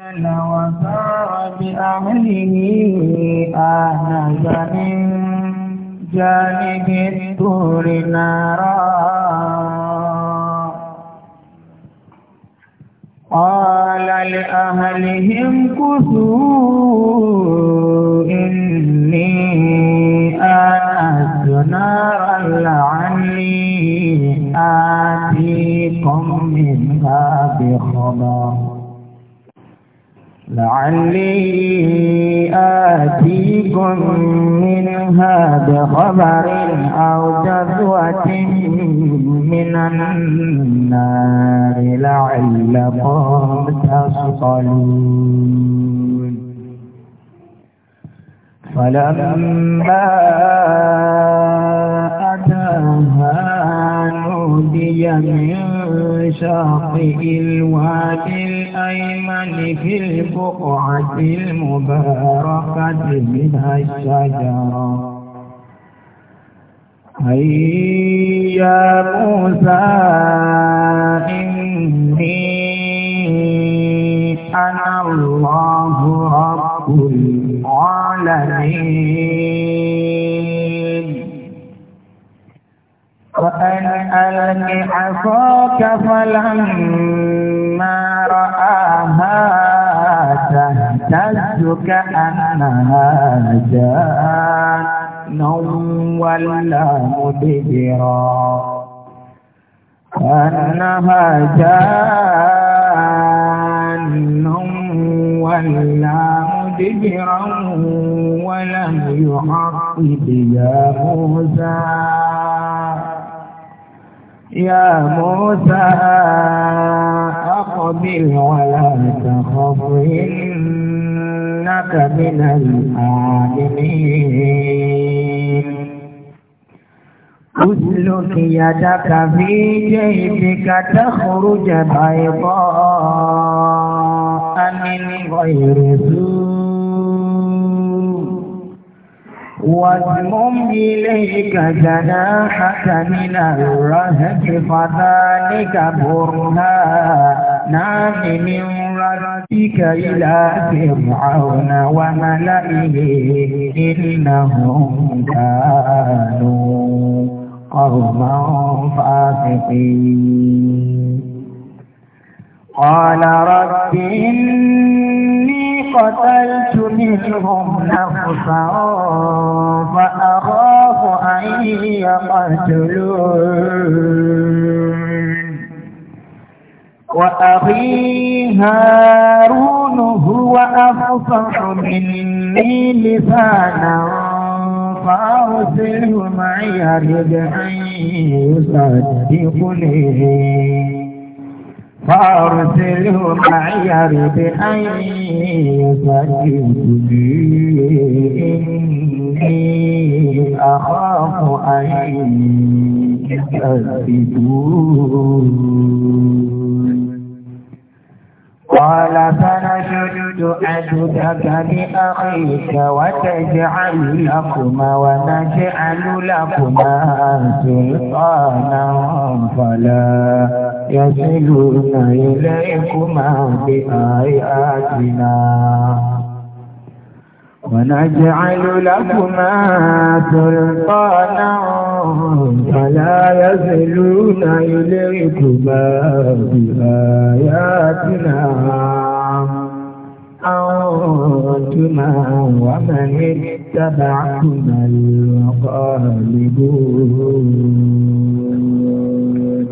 وسار بأهله آنس من جانب الدور نارا قال لأهلهم كثوا إني آنست نارا لعلي آتيكم منها بخبر لعلي آتيكم منها بخبر أو جذوة من النار لعلكم تصطلون فلما أتاها نودي من شاطئ الوادي الأيمن في البقعة المباركة من الشجرة أي يا موسى إني أنا الله رب العالمين وأن ألق عصاك فلما ما رآها تهتز كأنها جان ولا مدبرا كأنها جان ولا مدبرا ولم يعقب يا موسى يا موسى أقبل ولا تخف إنك من العالمين أسلك يدك في جيبك تخرج بيضاء من غير سوء واضمم إليك جناحك من الرهب فذلك نعم من ربك إلى فرعون وملئه إنهم كانوا قوما فاسقين قال رب إني قتلت منهم نفسا فأخاف أن يقتلون وأخي هارون هو أفصح مني لسانا فأرسله معي رجعي يصدقني فأرسله معي يرد أن يصدق بي إني أخاف أن يكذبون قال فنشدد أجدك بأخيك وَتَجْعَلُ لَكُمَا وَنَجْعَلُ لَكُمَا سلطانا فَلَا يصلون إليكما بآياتنا ونجعل لكما سلطانا فلا يزلون إليكما بآياتنا أنتما ومن اتبعكما الغالبون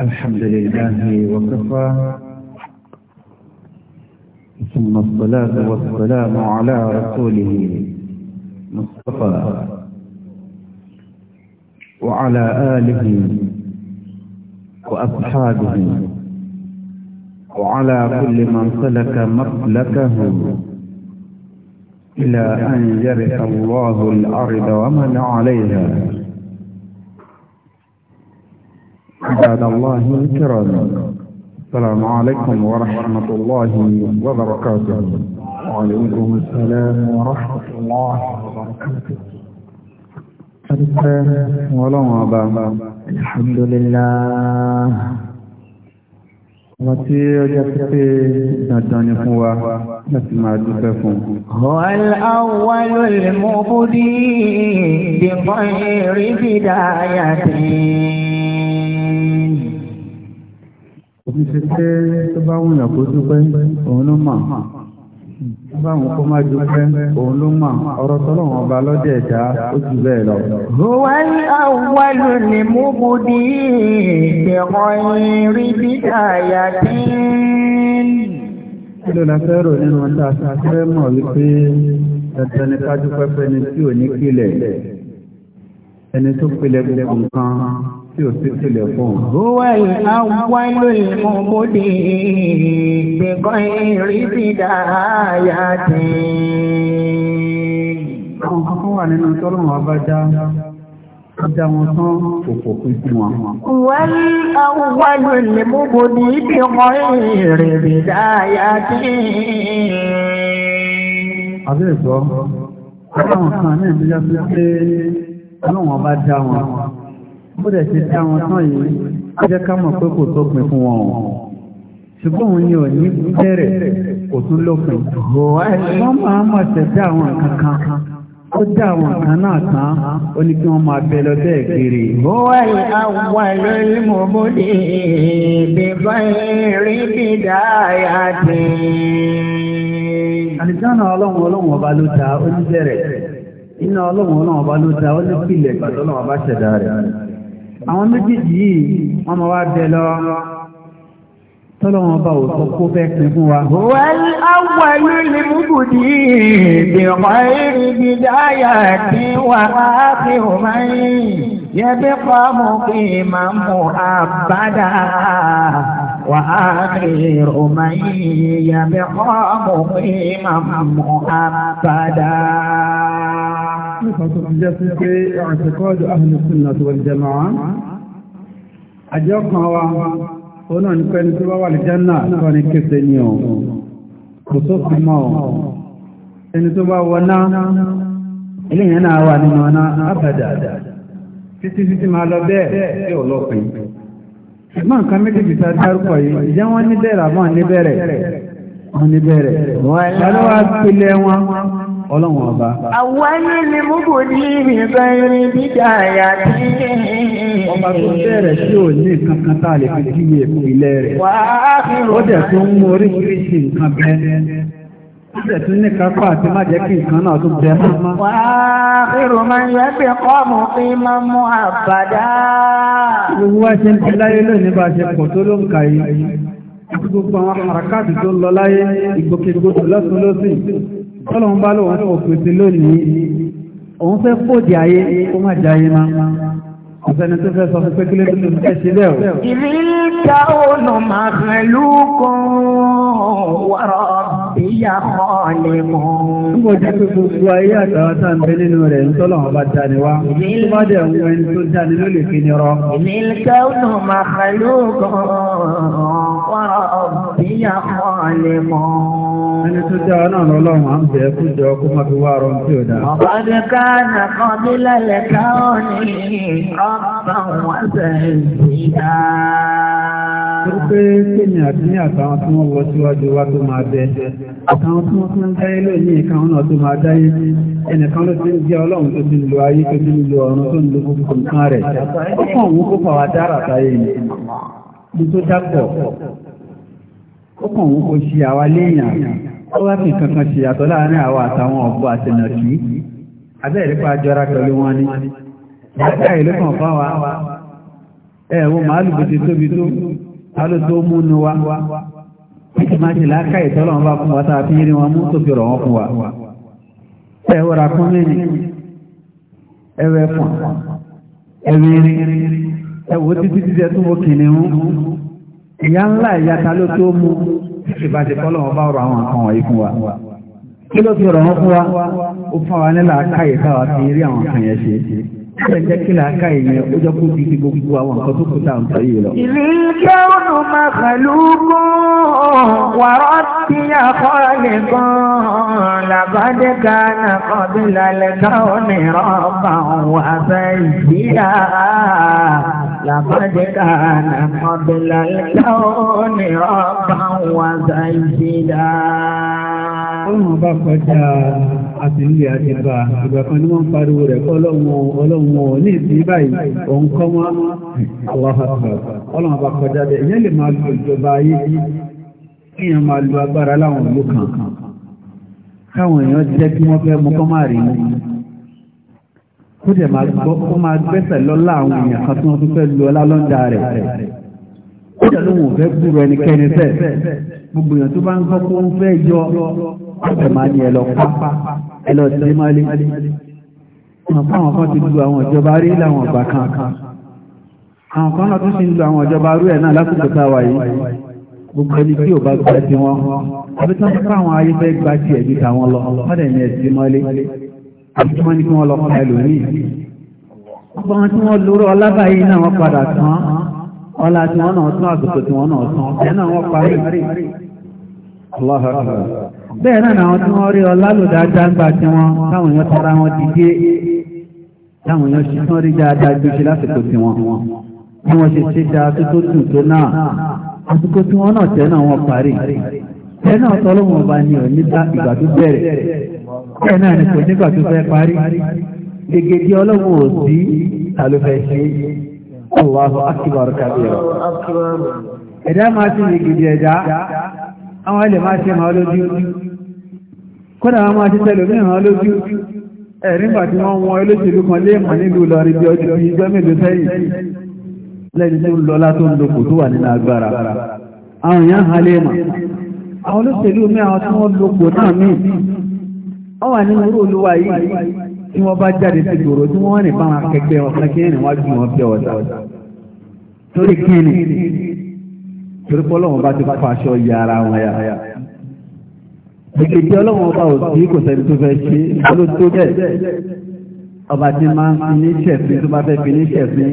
الحمد لله وكفى ثم الصلاة والسلام على رسوله مصطفى وعلى آله وأصحابه وعلى كل من سلك مسلكه إلى أن يرث الله الأرض ومن عليها عباد الله الكرام السلام عليكم ورحمة الله وبركاته وعليكم السلام ورحمة الله وبركاته الحمد لله وَتِيَ جَفْتِ نَجَّنِ هُوَ الْأَوَّلُ الْمُبُدِي بِغَيْرِ بدايته òbí ṣe pé tó bá wùyàn kó dúpẹ́ òun ló mà tó bá wùn kó má dúpẹ́ òun ló mà ọ̀rọ̀ tọ́lọ́wọ́n ọba lọ́dẹ̀ ẹ̀dá ó jù bẹ́ẹ̀ lọ. ruwal awwalu ni mubudi bẹ̀rọ̀yìn rí bídà yàtín. kí ló la fẹ́ rò nínú tá a fẹ́ wípé dandan ká dúpẹ́ fẹ́ni tí ò ní kílẹ̀ ẹni tó pèlẹ̀ nǹkan tí ó sí pèlẹ̀ fún. Ruwal awwalul mubudi bi ghairi bidayati. Àwọn kan wà nínú tọ́lọ́mù abájá Ọjà wọn tán òpò pín sí wọn. Wal awwalul mubudi bi ghairi bidayati. Àbẹ́ ìgbọ́, ọlọ́run kan ní ìbíjá sí pé ọlọ́wọ́n bá dá wọn bó dẹ̀ ti dá wọn tán yìí ó jẹ́ ká mọ̀ pé kò tópin fún wọn ṣùgbọ́n òun ni ò ní bẹ̀rẹ̀ kò tún lópin wọ́n máa mọ̀ ṣẹ̀ dá àwọn nǹkan ó dá àwọn kan náà tán ó ní kí wọ́n máa bẹ lọ bẹ́ẹ̀ kiri. ó wà láwà lórí mòmúdì bíbá eré dídá àyàtì. àlìjáná ọlọ́run ọlọ́run ọba ló ta ó ní bẹ̀rẹ̀ iná ọlọ́run ọlọ́run ọba ló dá ó ní pìlẹ̀ ìgbàtọ́lọ́run ọba ṣẹ̀dá rẹ̀ àwọn méjèèjì yìí wọ́n máa wá bẹ lọ tọ́lọ́run ọba ò sọ kó fẹ́ pín fún wa. wọ́n awọ lílì múbùdí ìdìwọ̀n èrè gbìdáyà tí wà á fi hùmá yìí yẹ bí pàmò kí màmú àbádà. وآخر من يبقى مقيما مؤبدا في اعتقاد أهل السنة والجماعة أجاكم ọ̀nà ní pẹ́ni tó bá wà lè jẹ́nà tó ní kéfè ní ọ̀ kò tó fi mọ́ ọ̀ ẹni tó bá wọná iléyìn náà wà nínú ọ̀nà àbàdà títí títí máa lọ bẹ́ẹ̀ tí ò lọ́pìn ṣùgbọ́n nǹkan méjèèjì tá a dárúkọ yìí ìjẹ́ wọ́n ní bẹ̀rẹ̀ àbọ̀ ní bẹ̀rẹ̀ wọ́n ní bẹ̀rẹ̀ ṣàlọ́ wa pilẹ̀ wọn ọlọ́wọ́n ọba. àwáyé ni mo kò ní ìrìnbọn irin dídá àyà tí. ọba tó bẹ̀rẹ̀ sí ò ní nǹkan tá a lè fi kíyè ìpìlẹ̀ rẹ̀ ó dẹ̀ tó ń mú oríṣiríṣi nǹkan bẹ́ẹ̀ Ibẹ̀ tún ní kápá àti má jẹ́ kí nǹkan náà tún bẹ mọ́. Wà á kírù máa yẹ pé kọ́ọ̀mù fi máa mú àbàdá. Gbogbo wa ṣe ń fi láyé lónìí bá ṣe pọ̀ tó ló ń kà yìí. Gbogbo àwọn àràkàtì tó lọ láyé ìgbòkègbodò lọ́sùn lọ́sìn. Tọ́lọ́run bá lòun fẹ́ òpèsè lónìí. Òun fẹ́ fòdì ayé kó má jayé máa máa. Ọ̀sẹ̀ni tó fẹ́ sọ fún pé kílé tuntun fẹ́ sí lẹ́ o. Ìlú ìta ònà màkàlú kan wàrà bí yà kọ́ lè mú. Nígbà jẹ́ pé gbogbo ayé àtàwọn tá ń bẹ nínú rẹ̀ ń tọ́lọ̀ wọn bá dání wá. Tó bá dẹ̀ ń wẹ́n tó dání ló lè fi ní rọ. Ìnílkẹ́ ònà màkàlùkọ̀ Ẹni tó dá náà lọ́lọ́run à ń bẹ̀ kú jọ kó má fi wá rọrùn tí ò dá. Ọ̀bọ̀dé ká nà kan bí lálẹ́ ká ní rọ́bà wọn sẹ̀ ìdá. Ó pé kí ni àti ní àtàwọn tí wọ́n lọ síwájú wá tó máa bẹ́ẹ̀ àtàwọn tí wọ́n tún ń dáyé lóò ní ìkan ọ̀nà tó máa dáyé ẹnìkan ló ti ń jẹ́ ọlọ́run tó ti ń lo ayé tó ti ń lo ọ̀run tó ń lo gbogbo rẹ̀ ó ni mo tó dápọ̀ ó kàn wọ́n kó ṣe àwa léèyàn ó wá fi kankan ṣe àtọ̀ láàárín àwa àtàwọn ọ̀bọ àtẹnàkì ẹ̀wọ̀n màálù bó tóbi tó ta ló tó múnú wa kí máa ṣe ìtọ́lọ́wọ́n bá fún wa a fi rí wọn mú tó fi fún wa. ẹ kún ẹwẹ́ fún ẹwẹ́ rí ẹwọ́ títí títí ẹtún mo kìnnì mú ìyá ńlá ló tó mú ìbàdí bá rọ àwọn nǹkan fún wa. kí ló fi fún wa ó Bẹ́ẹ̀ jẹ́ kí làákà ìyẹn ó jọ kó di gbogbo àwọn nǹkan tó kúta ń sọ yìí lọ. Ìlíkẹ́ ònù màkàlùkù wàrọ̀ tí àkọ́ lè gan làbádé ká nàkọ́ bí lálẹ́ káwọn ní rọ́bà wà fẹ́ ìdíyà. Làbádé ká nàkọ́ bí lálẹ́ káwọn ní rọ́bà wà fẹ́ ìdíyà. Ó mọ̀ bá kọjá àti ilé àti bá ìgbà kan ní wọ́n pariwo rẹ̀ kọ́ ọlọ́run ò ní ìsìn báyìí òun kọ́ wọn ọlọ́run bá kọjá bẹ́ẹ̀ ìyẹn lè máa lo ìjọba ayé kí èèyàn máa lo agbára láwọn ìlú kan káwọn èèyàn jẹ́ kí wọ́n fẹ́ mú kọ́ máa rí mú kó dẹ̀ máa gbọ́ kó máa gbẹ́sẹ̀ lọ́lá àwọn èèyàn kan tí wọ́n tún fẹ́ lu ọlá lọ́ńdà rẹ̀ kó dẹ̀ lóhùn fẹ́ gbúrò ẹnikẹ́ni fẹ́ gbogbo èèyàn tó bá ń gbọ́ kó ń fẹ́ yọ àtẹ̀má ní ẹlọ pápá ẹlọ tí mọ́lé àwọn kan ti du àwọn ìjọba rí láwọn ọgbà kan àwọn kan náà tún sí ń lu àwọn ìjọba rú ẹ̀ náà lásìkò táwa yìí gbogbo ẹni tí ò bá gba ti wọn àbí tán fún àwọn ayé fẹ́ gba ti ẹ̀bí tàwọn lọ ọ̀dẹ̀ ní ẹ̀sìn mọ́lé àbí tí wọ́n ní kí wọ́n lọ fún ẹlòmíì ọgbọ́n wọn tí wọ́n lóró ọlábà yìí náà wọ́n padà tán ọlá tí wọ́n náà tún àgùntàn tí wọ́n náà tán ẹ̀ náà wọ́n parí bẹ́ẹ̀ náà àwọn tí wọ́n rí ọlá lò dáadáa ń gbà tí wọ́n táwọn èèyàn tara wọn dìde táwọn èèyàn ṣe tán rí dáadáa gbé ṣe lásìkò tí wọ́n bí wọ́n ṣe ṣe dáa tó tó dùn tó náà àsìkò tí wọ́n náà tẹ́ náà wọ́n parí tẹ́ náà tọ́lọ́wọ́n ọba ni ò ní dá ìgbà tó bẹ̀rẹ̀ bẹ́ẹ̀ náà ni kò nígbà tó fẹ́ parí gègé di ọlọ́wọ́n ò ta ló fẹ́ ṣe ẹ̀dá máa ti ní gidi ẹ̀dá àwọn ilẹ̀ máa ṣe máa lójú kódà wọn máa ṣe tẹ́lẹ̀ ní ìhàn lójú ẹ̀ríngbà tí wọ́n wọn olóṣèlú kan lè mọ̀ nílùú lọrin bí ọdún bíi ìjọ mélòó sẹ́yìn lẹ́ni tó ń lọlá tó ń lòkò tó wà nínú agbára àwọn èèyàn hàn lè mọ̀ àwọn olóṣèlú mi àwọn tí wọ́n lòkò náà mí wọ́n wà nínú orú olúwa yìí tí wọ́n bá jáde sí ìgboro tí wọ́n rìn fáwọn akẹgbẹ́ wọn kí ẹ̀rìn wájú wọn fẹ́ ọ̀dà torí kíni torí pé ọlọ́run bá ti fa aṣọ ya ara wọn ya. Ìgbèjì ọlọ́run bá ò sí kò sẹ́ni tó fẹ́ ṣe ló tó bẹ́ẹ̀. Ọba ti máa ń fi ní ṣẹ̀fín tó bá fẹ́ fi ní ṣẹ̀fín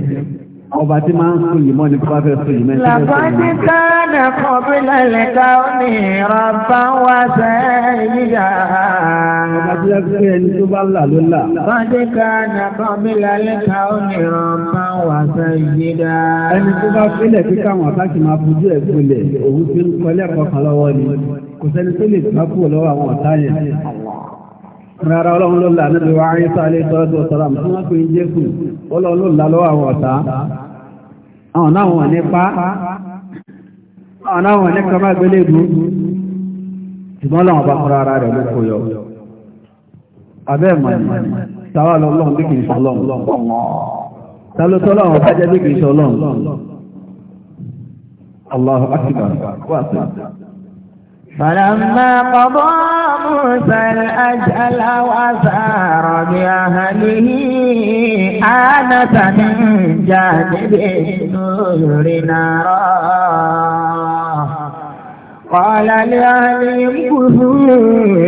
ọba tí máa ń sùn yìí mọ́ ní bá fẹ́ sùn yìí mẹ́sẹ̀ ẹni tó bá fílẹ̀ pé káwọn àtàkì máa fojú ẹ̀ gbolẹ̀ òun ti ń kọ́ lẹ́kọ̀ọ́ lọ́wọ́ ni kò sẹ́ni tó lè gbá lọ́wọ́ àwọn ọ̀tá yẹn rárá ọlọ́run ló là níbi wàá ń sáré tọ́lọ́dún ọlọ́run ló là lọ́wọ́ àwọn ọ̀tá àwọn náà wọ̀n nípa àwọn náà wọ̀n nípa má gbélé ìlú ṣùgbọ́n lọ́wọ́ bá fúnra ara rẹ̀ ló kó yọ abẹ́ mọ̀ tàwa lọ́lọ́run bí kìí فلما قضى موسى الأجل وسار بأهله آنف من جانب النور نارا قال لأهلهم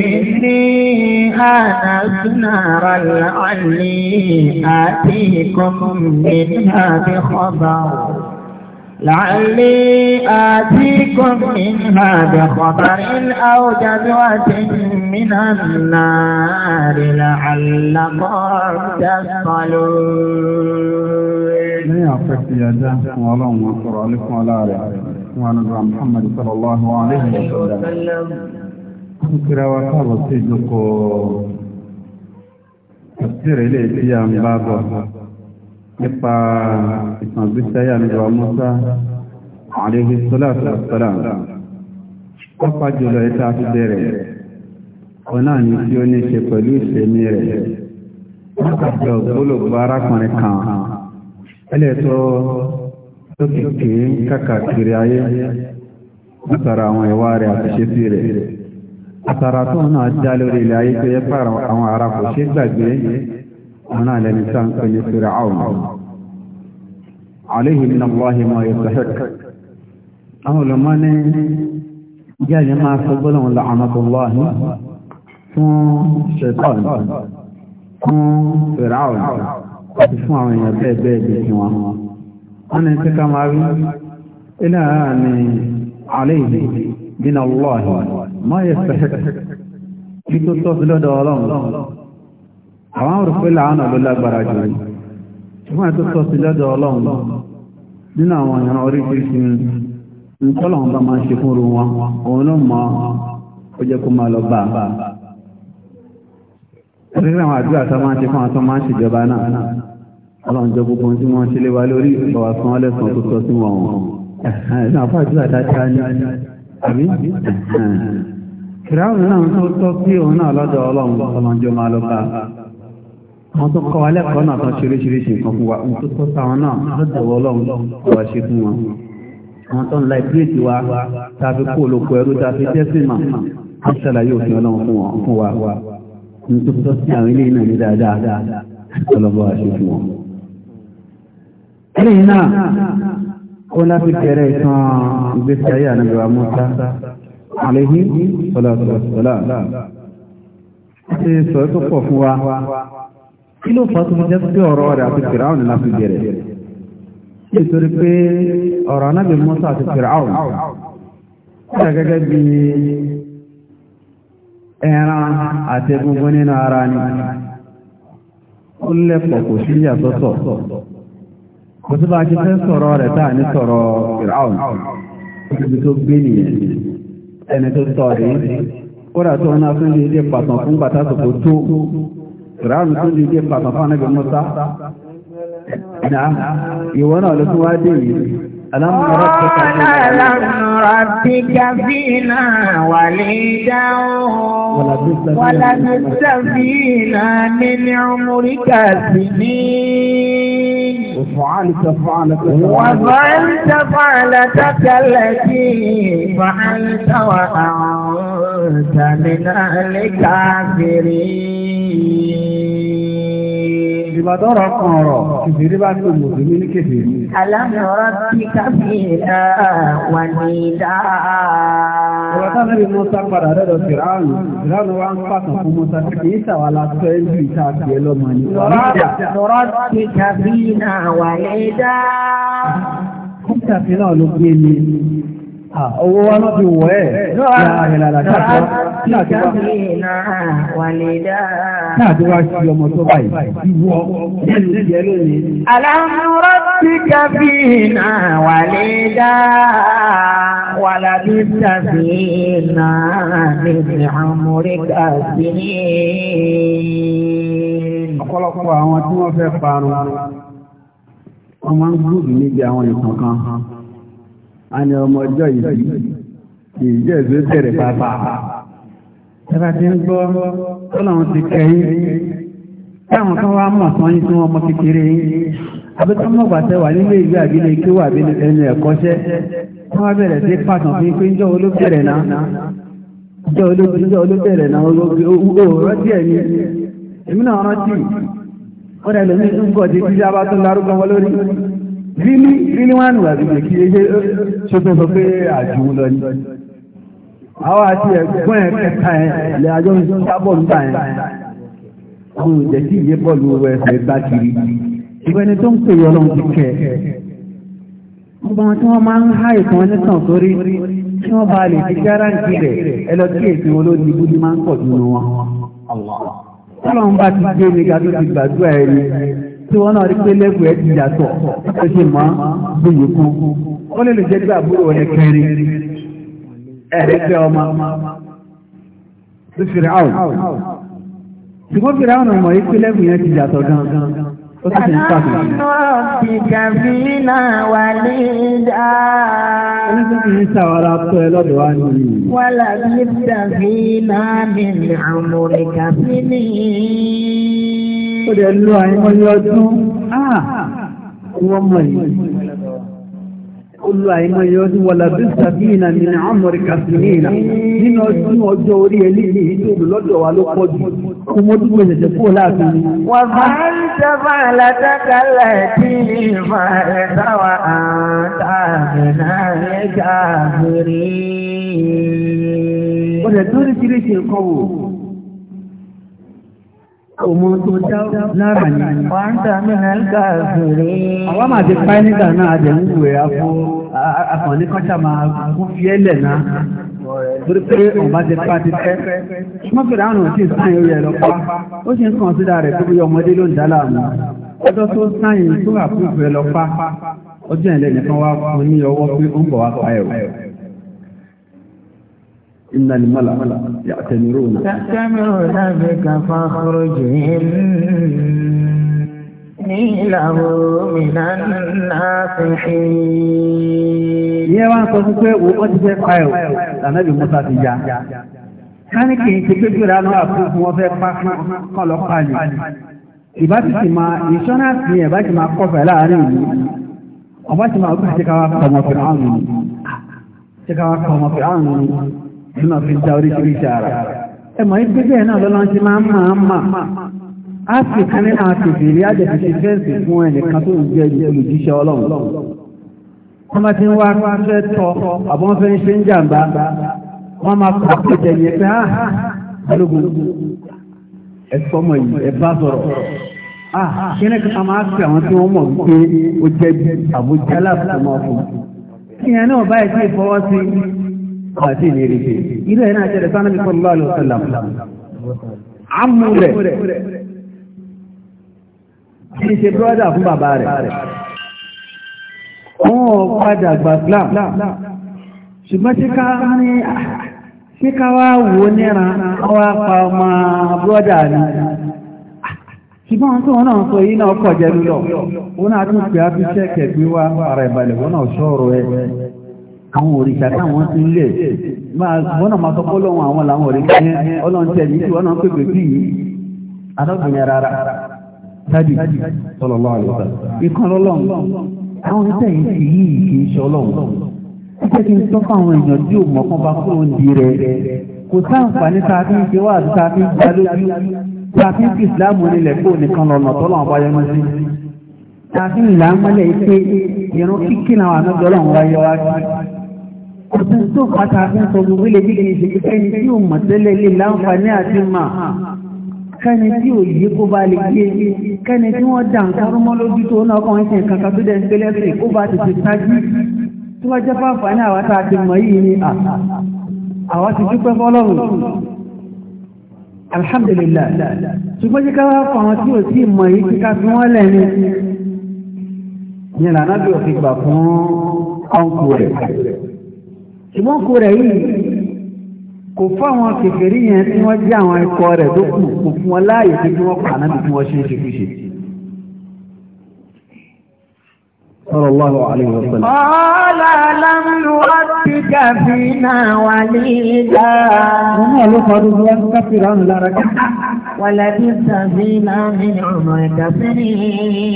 إني آنست نارا لعلي آتيكم منها بخبر لعلي آتيكم منها بخبر أو جذوة من النار لعلكم تصلون. يا فتي يا جاه والله ما صار عليكم ولا عليكم وعلى محمد صلى الله عليه وسلم. كرا وكابو سيدكو تفسير إليه يا مبابا nípa ìsànbíṣẹ́yà nígbà Mùsá àríwí sọ́làtà sọ́là pápá jùlọ ìta fi bẹ̀rẹ̀ ọ̀nà ní tí ó ní ṣe pẹ̀lú ìṣẹ̀mí rẹ̀ nígbàjọ gbólógbó arákùnrin kan ẹlẹ́tọ́ tó kìkì kákàkiri ayé látara àwọn ìwà rẹ̀ àti ṣẹ́fì rẹ̀ àtàrà tó náà já lórí ilẹ̀ ayé tó yẹ pààrọ̀ àwọn ará kò ṣe gbàgbé ọ̀nà lẹni tá ń pè ní Fir'aun alayhi min Allahi ma yastahiq àwọn olùmọ́ ní jẹ́ máa sọ gbọ́lọ̀wọ̀n la'anatullahi fún ṣẹ̀tọ́n fún Fir'aun àti fún àwọn èèyàn bẹ́ẹ̀ bẹ́ẹ̀ bí i wọn wọ́n ni tí ká máa rí ilẹ̀ ni alayhi min Allahi ma yastahiq kí tó tọ́ sí lọ́dọ̀ ọlọ́run àwọn àrùn pé làánà ló lágbára jù rí ṣùgbọ́n ètò sọ sí lọ́dọ̀ ọlọ́run nínú àwọn ìran oríṣiríṣi nǹkọ́lọ́run bá máa ń ṣe fúnru wọn òun ló mọ ó jẹ́ kó máa lọ bá a. ẹ̀rí àwọn àdúrà tó máa ń ṣe fún àwọn tó máa ń ṣèjọba náà ọlọ́run jọ gbogbo tí wọ́n ṣe lé wa lórí ìbọ̀wá fún ọlẹ́sàn tó sọ sí wọn. ẹ̀sìn àfọ àdúrà dáadáa ni àbí kìrìàwọ̀n náà tó tọ́ sí òun náà lọ́dọ̀ ọlọ́run ọlọ́run jọ máa lọ bá a wọ́n tó kọ́ alẹ́kọ̀ọ́ náà tán ṣeréṣeréṣe kan fún wa wọ́n tó kọ́ sáwọn náà lọ́dọ̀wọ́ ọlọ́run wà ṣe fún wọn wọ́n tó ń la ìbírètì wa tàbí kó olóko ẹrú tàbí tẹ́sìmà wọ́n ṣàlàyé òfin ọlọ́run fún wa wọ́n tó kọ́ sí àwọn ilé náà ní dáadáa ọlọ́bọ̀ wà ṣe fún wọn. lẹ́yìn náà ó láti kẹrẹ ìtàn ìgbésí ayé ànágbèwà mọ́ta àléhìn sọlá sọlá sọlá. ó ti sọ kí ló fà tó jẹ́ pé ọ̀rọ̀ rẹ̀ àti fìràún la fi bẹ̀rẹ̀ pé ọ̀rọ̀ anábì Mùsá àti fìràún ṣe gẹ́gẹ́ bí ẹran àti egungun nínú ara ni ó lẹ́pọ̀ kò sí ìyàsọ́tọ̀ kò sí bá ti fẹ́ sọ̀rọ̀ rẹ̀ táà ní sọ̀rọ̀ fìràún tó gbé nìyẹn ẹni tó tọ̀ rí kódà tó ń ná fún ilé fún pàtàkì fìràánù tó ní ìdí pàtàkì fún ànábì Mùsá náà ìwọ náà ló ألم نربك ألم نربك فينا وليدا ولبثت فينا من عمرك سنين وفعلت فعلتك وفعلت فعلتك التي فعلت وأنت من أهل الكافرين ìgbà tọ́rọ kan ọ̀rọ̀ kìfìrí bá ní mùsùlùmí ní kìfìrí. alámọ̀rọ̀ bí ní ìdá. ìwọ̀tá náà ni musa padà rẹ̀ wà ní ìdá. kọ́ńtà fi náà Ah, owó wa náà ti wọ̀ ẹ́ ah, láàrínlára ah, káàkiri wá sí ọmọ tó báyìí ìwọ lẹ́nu ọ̀pọ̀lọpọ̀ àwọn tí wọ́n fẹ́ parun wọ́n máa ń gbòdì níbi àwọn ìtàn a ní ọmọ ọjọ́ ìbí ìjẹ́ ìlú bẹ̀rẹ̀ bàbá ẹ̀bá ti ń gbọ́ tọ́lọ́run ti kẹ́yìn táwọn kan wá mọ̀ sán yín tí wọ́n mọ kékeré yín abẹ́tọ́ mọ̀gbà tẹ wà nílé ìgbé àbílẹ̀ kí wà bí ẹnu ẹ̀kọ́ṣẹ́ wọ́n wá bẹ̀rẹ̀ sí pàtàn fún pé ńjọ́ olóbẹ̀rẹ̀ náà ńjọ́ olóbẹ̀rẹ̀ náà òòrọ̀ díẹ̀ ni èmi náà rántí ó dẹ̀ lómi ń gọ̀ ríní ríní wá nù àbí kí eje ṣoṣo sọ pé àjùmú lọ ní. àwọn àti ẹ̀gbọ́n ẹ̀ kẹta ẹ̀ ilẹ̀ àjọ ń sábọ̀ nígbà yẹn. àwọn òjẹ̀ tí ìyẹ́ bọ́ọ̀lù ẹ̀fẹ̀ gbá kiri. ìgbẹ́ni tó ń pè yọ lọ́n ti kẹ̀. gbogbo wọn tí wọ́n máa ń há ìtàn onítàn sórí tí wọ́n bá lè fi gáráǹtì rẹ̀ ẹ lọ sí èsì wọn lónìí búdí máa ń pọ̀ jù wọn. ọlọ́run bá ti gbé mi ga tó ti gbàdúrà ẹni tí wọ́n náà rí pé lẹ́gbẹ̀ẹ́ ti yàtọ̀ ó ṣe máa gbòyè kan ó lè lè jẹ́ pé àbúrò rẹ̀ kẹrin ẹ̀rẹ́gbẹ́ ọmọ tó fi rẹ̀ áwọ̀ ṣùgbọ́n fi rẹ̀ áwọ̀ mọ̀ yí pé lẹ́gbẹ̀ẹ́ ti yàtọ̀ gan-an ó sì ń pàtó. Ẹni tó fi ń ṣàwárá tó ẹ lọ́dọ̀ wá ní ìlú. Wàlá bí dàbí náà ní ìlú ó dẹ̀ lọ àìmọ́ yọ ọdún ah, ah, ọmọ yìí ó lọ àìmọ́ yọ ọdún wọ̀lá bí sàbíìnà ní àmọ́ríkà sínìyàn nínú ọdún ọjọ́ orí ẹlẹ́ ní ìlú lọ́dọ̀ wa ló pọ̀ jù kó mọ́ dúpọ̀ ìṣẹ̀ṣẹ̀ kó láàfin wọ́n bá ń sábà látàkàlà tí ìmọ̀ tó rí kiri ṣe wò Òmò tó dá lára ní. Wọ́n tà mí náà káàkiri. Àwọn máa ti pa nígbà náà jẹ̀ ń wè á fún akànnì kọ́ṣà máa kún fiẹ́lẹ̀ náà. Torí pé ọ̀bá ti pa ti pẹ́. Wọ́n fèrè àrùn sí ìsáyìn orí ẹ̀rọ pa. Ó ṣe ń kàn síra rẹ̀ tó bí ọmọdé ló ń dá láàmú. Ọjọ́ tó sáyìn tó àkúrò ẹ̀rọ pa. Ọjọ́ ìlẹ̀ nìkan wá fún ní ọwọ́ pé ó ń bọ̀ wá pa ẹ̀rọ. إن الملأ يأتمرون يأتمرون بك فاخرج إني له من الناصحين يا وان sọ fún pé wọ́n ti fẹ́ pa ẹ̀ lànàbì Musa ti ya ká ní kìí ṣe pé gbèrà náà fún fún wọn fẹ́ pa kán lọ pa ni ìbá ti ti máa ìṣọ́nàtì ẹ̀ bá ti máa kọfẹ̀ láàárín ìlú ọba ti máa gbé ṣe káwá kọmọ fìràn nù ṣe káwá kọmọ fìràn nù nínú fi ta oríṣiríṣi ara ẹmọ̀ ìgbẹ́gbẹ́ náà lọ́lọ́ ti máa ń máa ń mà á sì kan nínú àtìbìrí àjẹ̀bìṣe fẹ́ǹsì fún ẹnìkan tó ń jẹ́ olùjíṣẹ́ ọlọ́run wọ́n bá ti ń wá fẹ́ tọ́ àbọ́n fẹ́ ń ṣe ń jàǹbá wọ́n máa kọ́ pẹ̀tẹ̀ yẹn pé áà ah, ah, balógun ẹ̀fọ́mọ̀ yìí ẹ bá sọ̀rọ̀ áà ah, kí ni ká máa fi àwọn tí wọ́n mọ̀ wípé ó jẹ́ àbújá láàbùkù máa fún un kí ni ẹ àti ìlérí ilé ẹ̀ náà ṣẹlẹ̀ sánàbí sallallahu alaihi wasallam àmú rẹ̀ kí ní ṣe brọ́dà fún bàbá rẹ̀ wọ́n padà gbà flam ṣùgbọ́n ṣe ká ní ṣe ká wá wò níra wá pa ọmọ brọ́dà ní ṣùgbọ́n tó náà sọ yí náà kọjẹ́ lọ wọ́n náà tún pẹ̀ á fi wá ara ìbàlẹ̀ wọ́n náà ṣọ́rọ̀ ẹ̀ àwọn òrìṣà táwọn ti ń lẹ̀ wọ́n náà máa sọ pọ́lọ́wọ́n àwọn làwọn òrìṣà yẹn ọlọ́run tẹ̀lé tí wọ́n náà ń pèpè sí yìí arábìnrin rárá sáàdì sọlọ́lọ́ àlùfà ikán lọ́lọ́run àwọn oníṣẹ́ yìí ti yí kì í ṣe ọlọ́run títẹ́ kí n sọ fáwọn èèyàn tí ò mọ̀ kan bá kúrò ń di rẹ̀ kò sáǹfààní tá a fi ń ṣe wá kò sí tó pàtà fún sọ̀rọ̀ wílé bí kìí ṣe ẹni tí ò mọ̀ tẹ́lẹ̀ lè láǹfààní àti mà kẹ́ni tí ò yí kó bá lè gbé kẹ́ni tí wọ́n dà ń kárúmọ́ lójú tó náà kàn ń ṣe nǹkan kan tó dẹ̀ ń gbélé pé kó bá tètè tají tó bá jẹ́ fáfàní a ti mọ̀ yìí ni àwa alhamdulillah ṣùgbọ́n jẹ́ ká wá fún àwọn tí ò tí mọ̀ yìí ti ká fi gbà fún ọ̀nkù ṣùgbọ́n kò rẹ̀ yìí kò fáwọn kèfèrí yẹn tí wọ́n jẹ́ àwọn ikọ̀ rẹ̀ tó kù fún wọn tí wọ́n pàánà bí wọ́n ṣe ń ṣe kúṣe. صلى الله عليه وسلم قال لم نربك فينا وليدا وما لقد كفر عن لك ولبثت فينا من عمرك سنين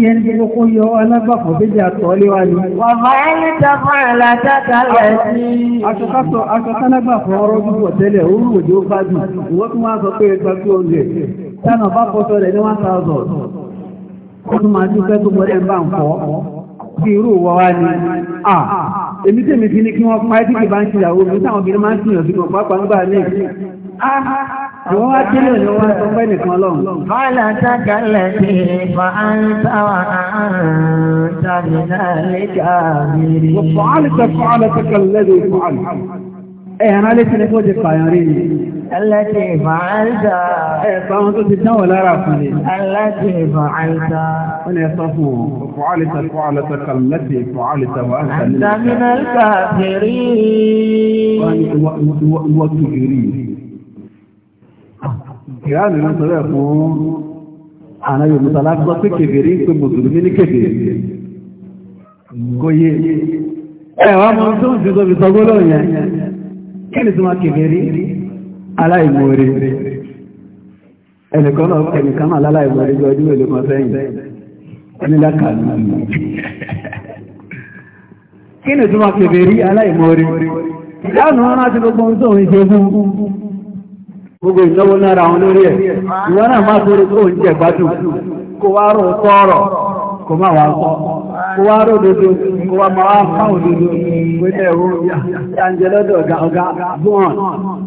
ينزل قل وانا بخ بجات ولوالي وفعلت فعلتك التي أشخص أشخصنا بخ ورجل وتله ورجل فادي وكما تطير تكون لي كان بخ وتله 1000 ó tún máa dúpẹ́ tó gbọ́dẹ̀ ń bá ń fọ́ bí irú wa wá ni à èmi tèmi fi ní kí wọ́n pa ẹ́tìkì bá ń ṣe ìyàwó mi táwọn obìnrin máa ń ṣìyàn sí gbọ̀ngbà pàmùgbà ní àwọn wá délé ni wọ́n sọ pé nìkan lọ́hùn. bọ́lá sákàlẹ̀ sí fa àǹtàwà àǹtàmìnà lẹ́jà mìíràn. wọ́n fọ́ àlùkò fọ́ àlùkò kàlẹ́ lè fọ́ àlùkò. ẹ̀yàn alẹ́ ti ní kó ti pààyàn rí ni. Aláti ìfàáńtà. Ẹ̀sọ́ àwọn tó ti dánwò lára fún mi. Aláti ìfàáńtà. Wọ́n ni ẹ̀sọ́ fún wọn. Fọ́álítà fọ́álítà kàlẹ́tì fọ́álítà wà ń sàlẹ̀. Àtàmínàl kàfìrí. Wọ́n ni ìwọ́ kìfìrí. Ìránì ló sọ bẹ́ẹ̀ fún àwọn Yorùbá lágbọ́ pé kèfèrí ń tó ń fi sọ Kí ni tí wọ́n kèfèrí? ala ẹnìkan náà ẹnìkan náà láláìmoore ọdún mélòó kan sẹ́yìn níláka nínú kí ni túnmọ̀ kèfè rí aláìmoore ìdáhùn wọn láti gbogbo ohun tó gbogbo àwọn ẹ̀ ìwọ́n náà má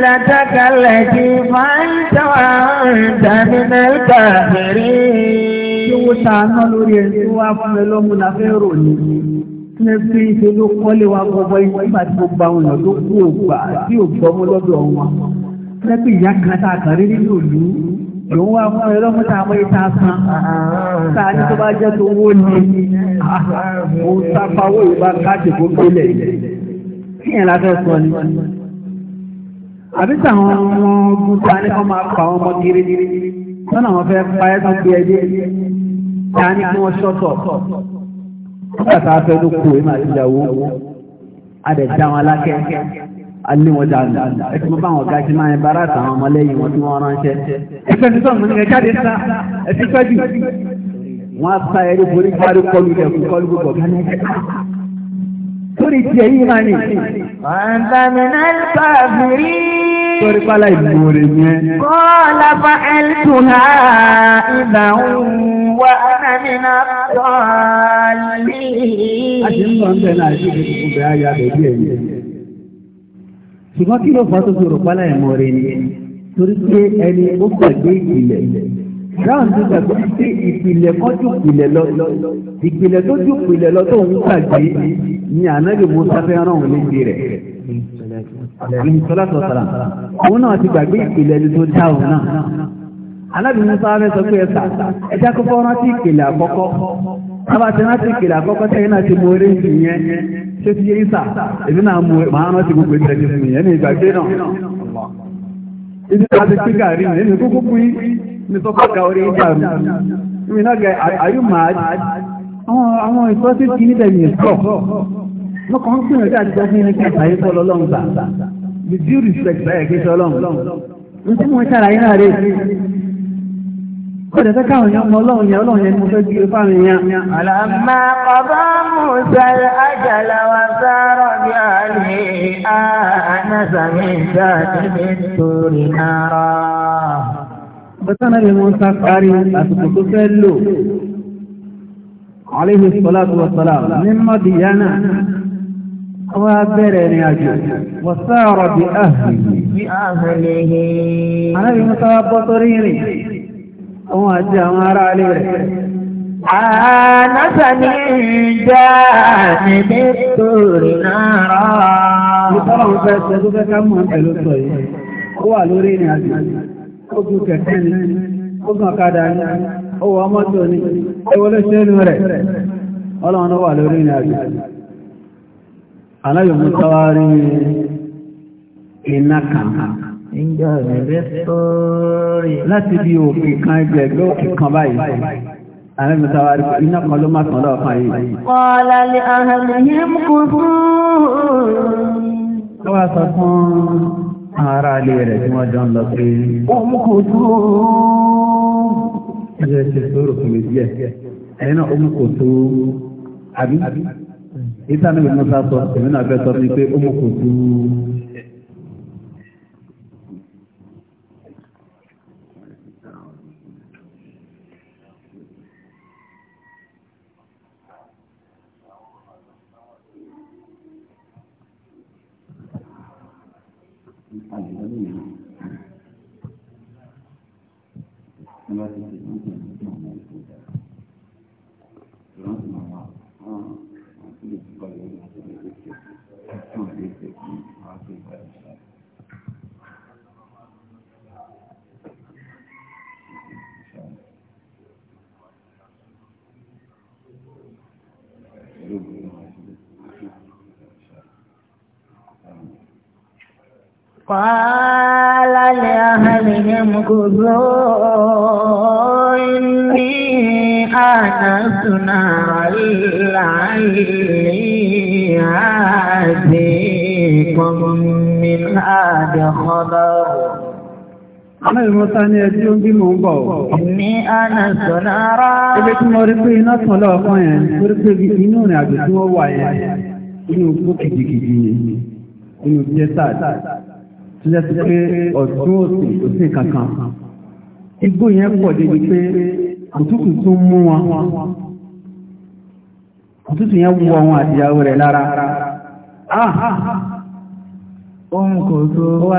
لعنتك التي فعلت وأنت من الكافرين Tí wọ́n ṣàánà lórí ẹ̀ tí wá fún ẹlọ́mù la fẹ́ rò ní. Ní fi ṣe ló kọ́lé wa gbogbo ìwọ̀n nígbà tí gbogbo àwọn èèyàn ló kú ògbà tí ò gbọ́mú lọ́dọ̀ wọn. Lẹ́bí ìyá kan tá a kàn rí nínú ìlú lòun wá fún ẹ lọ́mú tá a mọ ìta san tá a ní tó bá jẹ́ tó wó ni òun sápá ìbá káàdì gbogbo lẹ̀. Kí yẹn la sọ ni? àbí sàwọn ọmọ ogun tí a ní kọ́ máa pa ọmọ kiri sọ́nà wọn fẹ́ payẹ́ tó bí ẹdí tí ní kí wọ́n ṣọ́tọ̀ nígbàtà afẹ́ ló kú èmi àti ìyàwó adẹ̀dá wọn alákẹ́ alé wọn dànù ẹtí mo bá wọn ga sí máa ń bára àtàwọn ọmọlẹ́yìn wọn tí wọ́n ránṣẹ́ ẹgbẹ́ tí sọ́nà ní ẹ̀ka lè sa ẹtí pẹ́jù wọ́n á sa ẹ̀rí borí kárí kọlu ẹ̀kú kọlu gbogbo Torí ti ẹ̀yí máa ní. Ọ̀nbàmìnà kàfìrí. Torí pálá ìlú rẹ̀ ní ẹ. Kọ́lá bá ẹ̀lùtù ha ìgbà wà nàmìnà tọ́lì. A ti ń sọ ń bẹ̀ náà sí ìdíkùn bẹ̀ ayà rẹ̀ bí ẹ̀yẹ. Ṣùgbọ́n kí ló fà tó sọ̀rọ̀ pálá ìmọ̀ rẹ̀ ni? Torí pé ẹni ó gbàgbé ìpìlẹ̀. Ráhùn ti gbàgbé ìpìlẹ̀ kọ́jú ìpìlẹ̀ lọ. Ìpìlẹ̀ tó ju ìpìlẹ̀ lọ tó ń gbàgbé ní ànábì musa fẹ́ ràn wọ́n léde rẹ̀ alẹ́sọ́lá sọ̀tàrà òun náà ti gbàgbé ìpìlẹ̀ ẹni tó dá òun náà ànábì musa fẹ́ sọ pé ẹ̀sà ẹja kọ́kọ́ rántí ìpìlẹ̀ àkọ́kọ́ tábà ti rántí ìpìlẹ̀ àkọ́kọ́ tẹ́yìn náà ti mú orí ìyẹn ṣé ti yé ìsà èmi náà mú e, màá rántí gbogbo ìtẹ́jú fún ìyẹn ní ìgbàgbé náà ìdí láti píkà rí nínú kúkú pín ní sọ́kọ́kà orí ìjàrù ìrìnàgà àyùmáà àwọn ìtọ́sí kìí dẹ̀ sọ́ọ̀ wọ́n kàn ń pè ní àti sọ́kún ní kí àyè kọ́ lọ́lọ́run gbà with due respect báyẹ̀ kí sọ ọlọ́run ní tí mo ń ṣàlàyé náà rè kọ́dẹ̀ fẹ́ káwọn èèyàn mọ ọlọ́run yẹn ọlọ́run yẹn ni mo fẹ́ gbé fáwọn èèyàn. àlàmà ọba musa àjàlá wa sáró bí àlè ànásàmì ìdáàdébé torí náírà. bàtà náà ni mo ń sá parí àsìkò tó fẹ́ lò. alayhi salatu wa salam ní mọ́dìyánà. Àwọn abẹ́rẹ̀ ìrìn àjò, wọ́n sáàrọ̀ bí áhìlì. Ànábì Musa bọ́ sórí ìrìn, àwọn àti àwọn ará alé rẹ̀. Ànásà ní ìjà níbi tòrì náà rọ̀. ọ̀kadà ni, ó wọ mọ́tò ni, ẹwọ́ ló rẹ̀. Ọlọ́run wà lórí ìrìn aláyọ̀mú sáwárí iná kàǹkà. Ìjọ ìrẹ̀lẹ̀ sọ́ọ̀rì. Láti bí òkè kan ẹgbẹ̀gbẹ́ òkè kan báyìí. Àrẹ́mì sáwárí iná kan ló máa tàn lọ́wọ́ kan yìí. Kọ́lá ni àhàmì yìí mú kú fún. Lọ́wọ́ sọ fún ara ṣe sọ̀rọ̀ fún mi díẹ̀. Ẹ̀yin náà ó mú kú Àbí? ìtànìwé mọ́sá sọ èmi náà fẹ́ sọ ní pé ó mú kò dúró قال لأهلهم كذوا إني آنست نارا لعلي آتيكم منها بخبر Aláìmọ́ta ní ẹjí ó ń bí mò ń bọ̀. Ní ànàṣọ́ náà. Ibi tí mo rí pé iná tán lọ́ọ̀kan yẹn, mo rí pé inú ìrìn àjò tí wọ́n wà yẹn, inú kó kìjìkìjì yẹn, inú jẹ́ sáà. tí lẹ́ ti pé ọ̀dún òsì òsì kankan igbó yẹn pọ̀ débi pé òtútù tún mú wọn òtútù yẹn wọ wọn àtìyàwó rẹ̀ lára ah ohun kò tó wá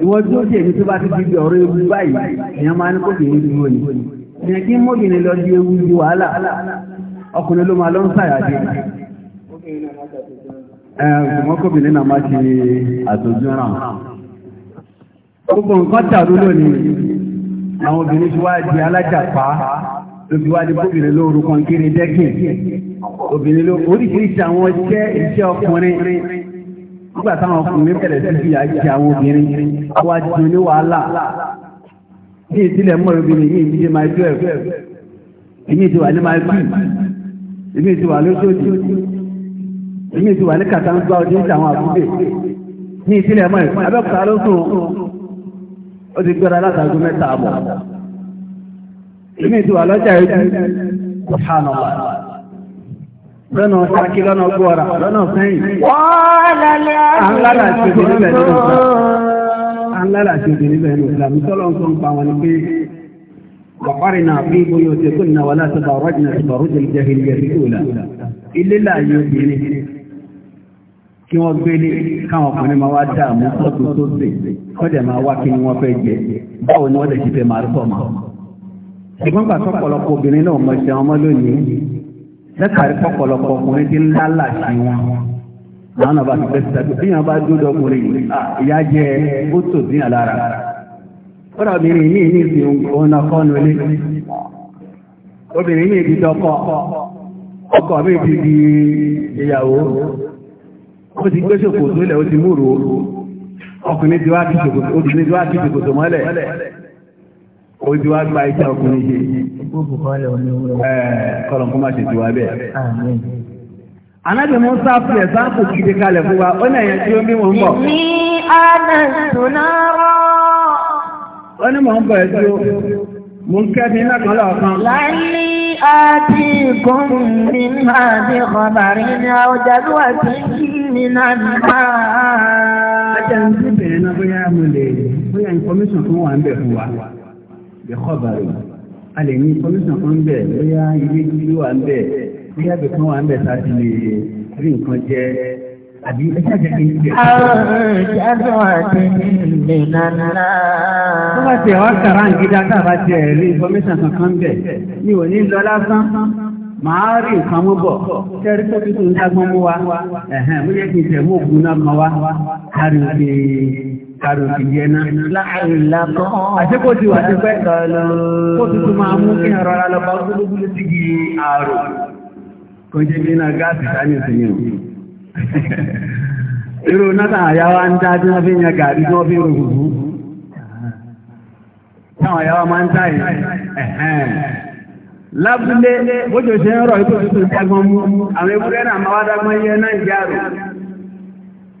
ìwọ́n tí ó jẹ́ èmi tó bá ti fi ọ̀rọ̀ ewu báyìí èèyàn máa ní kó kìí dúró ni ìyẹn kí mọ́bìnrin lọ di ewu di wàhálà ọkùnrin ló máa lọ ń sàyàdé ṣùgbọ́n kóbìnrin náà máa ṣe àtòjú ara wọn gbogbo nǹkan tàbí lónìí àwọn obìnrin ti wá di alájàpá lóbi wá di kóbìnrin lóoru kan kiri dẹ́kìn obìnrin ló oríṣiríṣi àwọn iṣẹ́ iṣẹ́ ọkùnrin nígbà táwọn ọkùnrin bẹ̀rẹ̀ sí bí àjẹ àwọn obìnrin àwọn àjò ní wàhálà ní ìdílé mọ́ obìnrin yìí ìdílé máa jọ ẹ̀ èmi ti ní máa bí èmi ti wà lóṣooṣù èmi ti wà ní kàtàǹgbà ọdún ní mọ́ abẹ́kùnrin lọ́nà ṣákí lọ́nà gbọ́ra lọ́nà sẹ́yìn. Àńlálàṣì obìnrin bẹ̀rẹ̀ ní ìlànà tọ́lọ́ ń sọ ń pa wọn ni pé wàkárìnà bí bóyá o ti kún náà wà láti bá ọ̀rọ̀jìnà ti bá ọ̀rọ̀jìnà Ilé láàyè obìnrin kí wọ́n gbélé káwọn ọkùnrin máa wá dáàmú sọ́tún tó sè kọ́dẹ̀ máa wá kí ni wọ́n fẹ́ jẹ báwo ni wọ́n lè ṣe fẹ́ máa sọ mọ́. Ṣùgbọ́n pàtó ọ̀pọ̀lọpọ̀ obìnrin náà mọ̀ ṣe ọmọ lónìí lẹ́kàrí pọ̀pọ̀lọpọ̀ ọkùnrin ti ń lálà sí wọn láwọn bá ti bẹ́sẹ̀ tàbí bí wọn bá dúdú ọkùnrin yìí ìyá jẹ ó tò sí àlára kódà obìnrin ní ìsìn òun ilé obìnrin mi ti di ìyàwó ó ti gbé ṣòkòtò ó ti múrò ọkùnrin ti ṣòkòtò mọ́lẹ̀ ojú wa gba iṣẹ́ ọkùnrin ṣe kọlọ̀ kó má ṣe tiwa bẹ́ẹ̀. Anábì Musa fi ẹ̀sán kò kíde kalẹ̀ fún wa, ó ní ẹ̀yẹ tí ó bí wọn bọ̀. Ní Adàtúnárọ̀. Ó ní mò ń bọ̀ ẹ̀sí o, mò ń kẹ́ mi iná kan lọ́ọ̀kan. àti ìkóhùn mi máa bí kọ̀bàrí ni àwùjọ tó wà sí mi náà Ajá ń bẹ̀rẹ̀ náà bóyá mo lè bóyá information tó wà ń bẹ̀ fún wa bẹ̀kọ́bàrì a lè ní kọmíṣàn kan bẹ̀ lóyá ilé ìlú wà ń bẹ̀ lóyá bẹ̀ kan wà ń bẹ̀ sáti lè rí nǹkan jẹ́ àbí ẹjẹ́ jẹ́ kí n jẹ́. máa rí nǹkan mú bọ̀ kẹ́rí tó tuntun ń dágbọ́n mú wa ẹ̀hẹ́n mo yẹ ògùn náà kan wá kárí ń gbé e kàrò ti jẹná. Láàrínlákọ́. Àṣé kò ti wà ti pẹ́. Kò tuntun máa mú kí ẹ̀rọ ara lọ́pàá gbólógbóló sí kí ààrò. Kò jẹ́ bí náà gáàsì sáni ìsinmi o. Irú náà àyà wa ń dá tí wọ́n fi yan gàrí tí wọ́n fi rò hùhù. Táwọn àyà wa máa ń dá yìí. Lábúlé bójú ṣe ń rọ̀ ikú tuntun mú. Àwọn ewúrẹ́ náà máa wá dágbọ́n yẹ náà ìyá rẹ̀.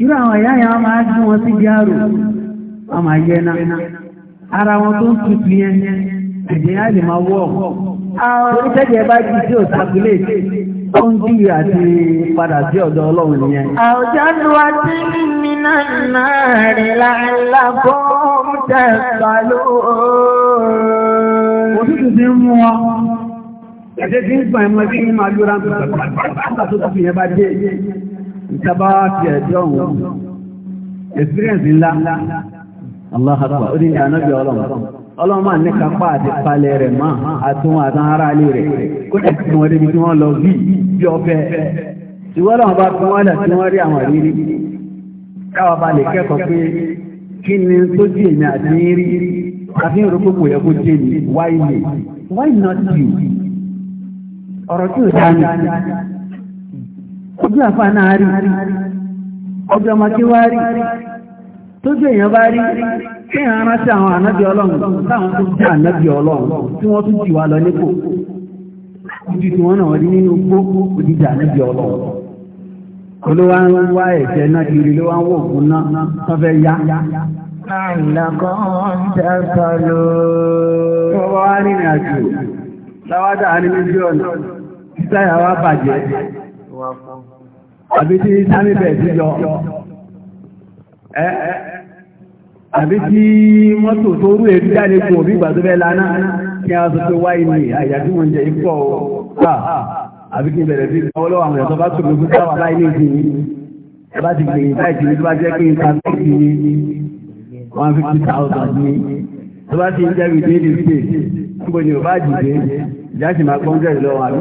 irú àwọn ìyá yẹn wọ́n máa gbé wọn sí díàrò wọ́n máa yẹ náà ara wọn tó ń tutù yẹn ẹ̀jẹ̀ yẹn á lè máa wọ̀ torí tẹ́jẹ̀ bá jí tí ò sàkúlé ń jí àti padà sí ọ̀dọ̀ ọlọ́run nìyẹn. àwùjọ wa ti ní nínú náà rí láńlá fún tẹ̀sálú. òtútù ti ń mú wọn ẹ̀jẹ̀ ti ń gbọ̀n ẹ̀mọ́ sí nínú àlúra ń tó sọ̀rọ̀ àgbà tó tó fi yẹn bá dé. ìjábá ti ẹ̀jọ́ òun experience ńlá aláhàtà orí ní ànábì ọlọ́run ọlọ́run máa ní kápá àti palẹ̀ rẹ̀ máa àtúnwò àtàn ara ilé rẹ kó dẹ̀ tí wọ́n débi tí lọ bí bí ọbẹ̀ ìwọ́lọ́run bá fi wọ́n tí rí àwọn rírí káwa bá lè pé kí ni tó èmi àti àfi ń rògbòkò ojú àfà náà rí ọjọ́ makí wá rí tó èèyàn bá rí kí èèyàn rántí àwọn ànábì ọlọ́run táwọn tó jẹ́ ànábì ọlọ́run tí wọ́n tún jì wá lọ nípò ojú tí wọ́n náà rí nínú gbogbo ọlọ́run ẹ̀jẹ̀ náà kiri ló wá náà tó fẹ́ yá àbí tí sáré bẹ̀ sí yọ àbí tí mọ́tò tó rú èrí jáde kò bí ìgbà tó fẹ́ lana kí a sọ pé wáyé ní àyà tí wọ́n jẹ ikọ̀ àbí kí bẹ̀rẹ̀ sí ọlọ́wọ́ àwọn ẹ̀tọ́ bá tòrò fún sáwà láì ní ìdíyí ẹ bá ti gbìyànjú láì jìnnì tó bá jẹ́ pé nǹkan tó ti ní one fifty thousand ní tó bá ti ń jẹ́ ìdí ní ìdí níbo ni ò bá jìde jáde máa gbọ́njẹ́ ìlọ́wọ́ àbí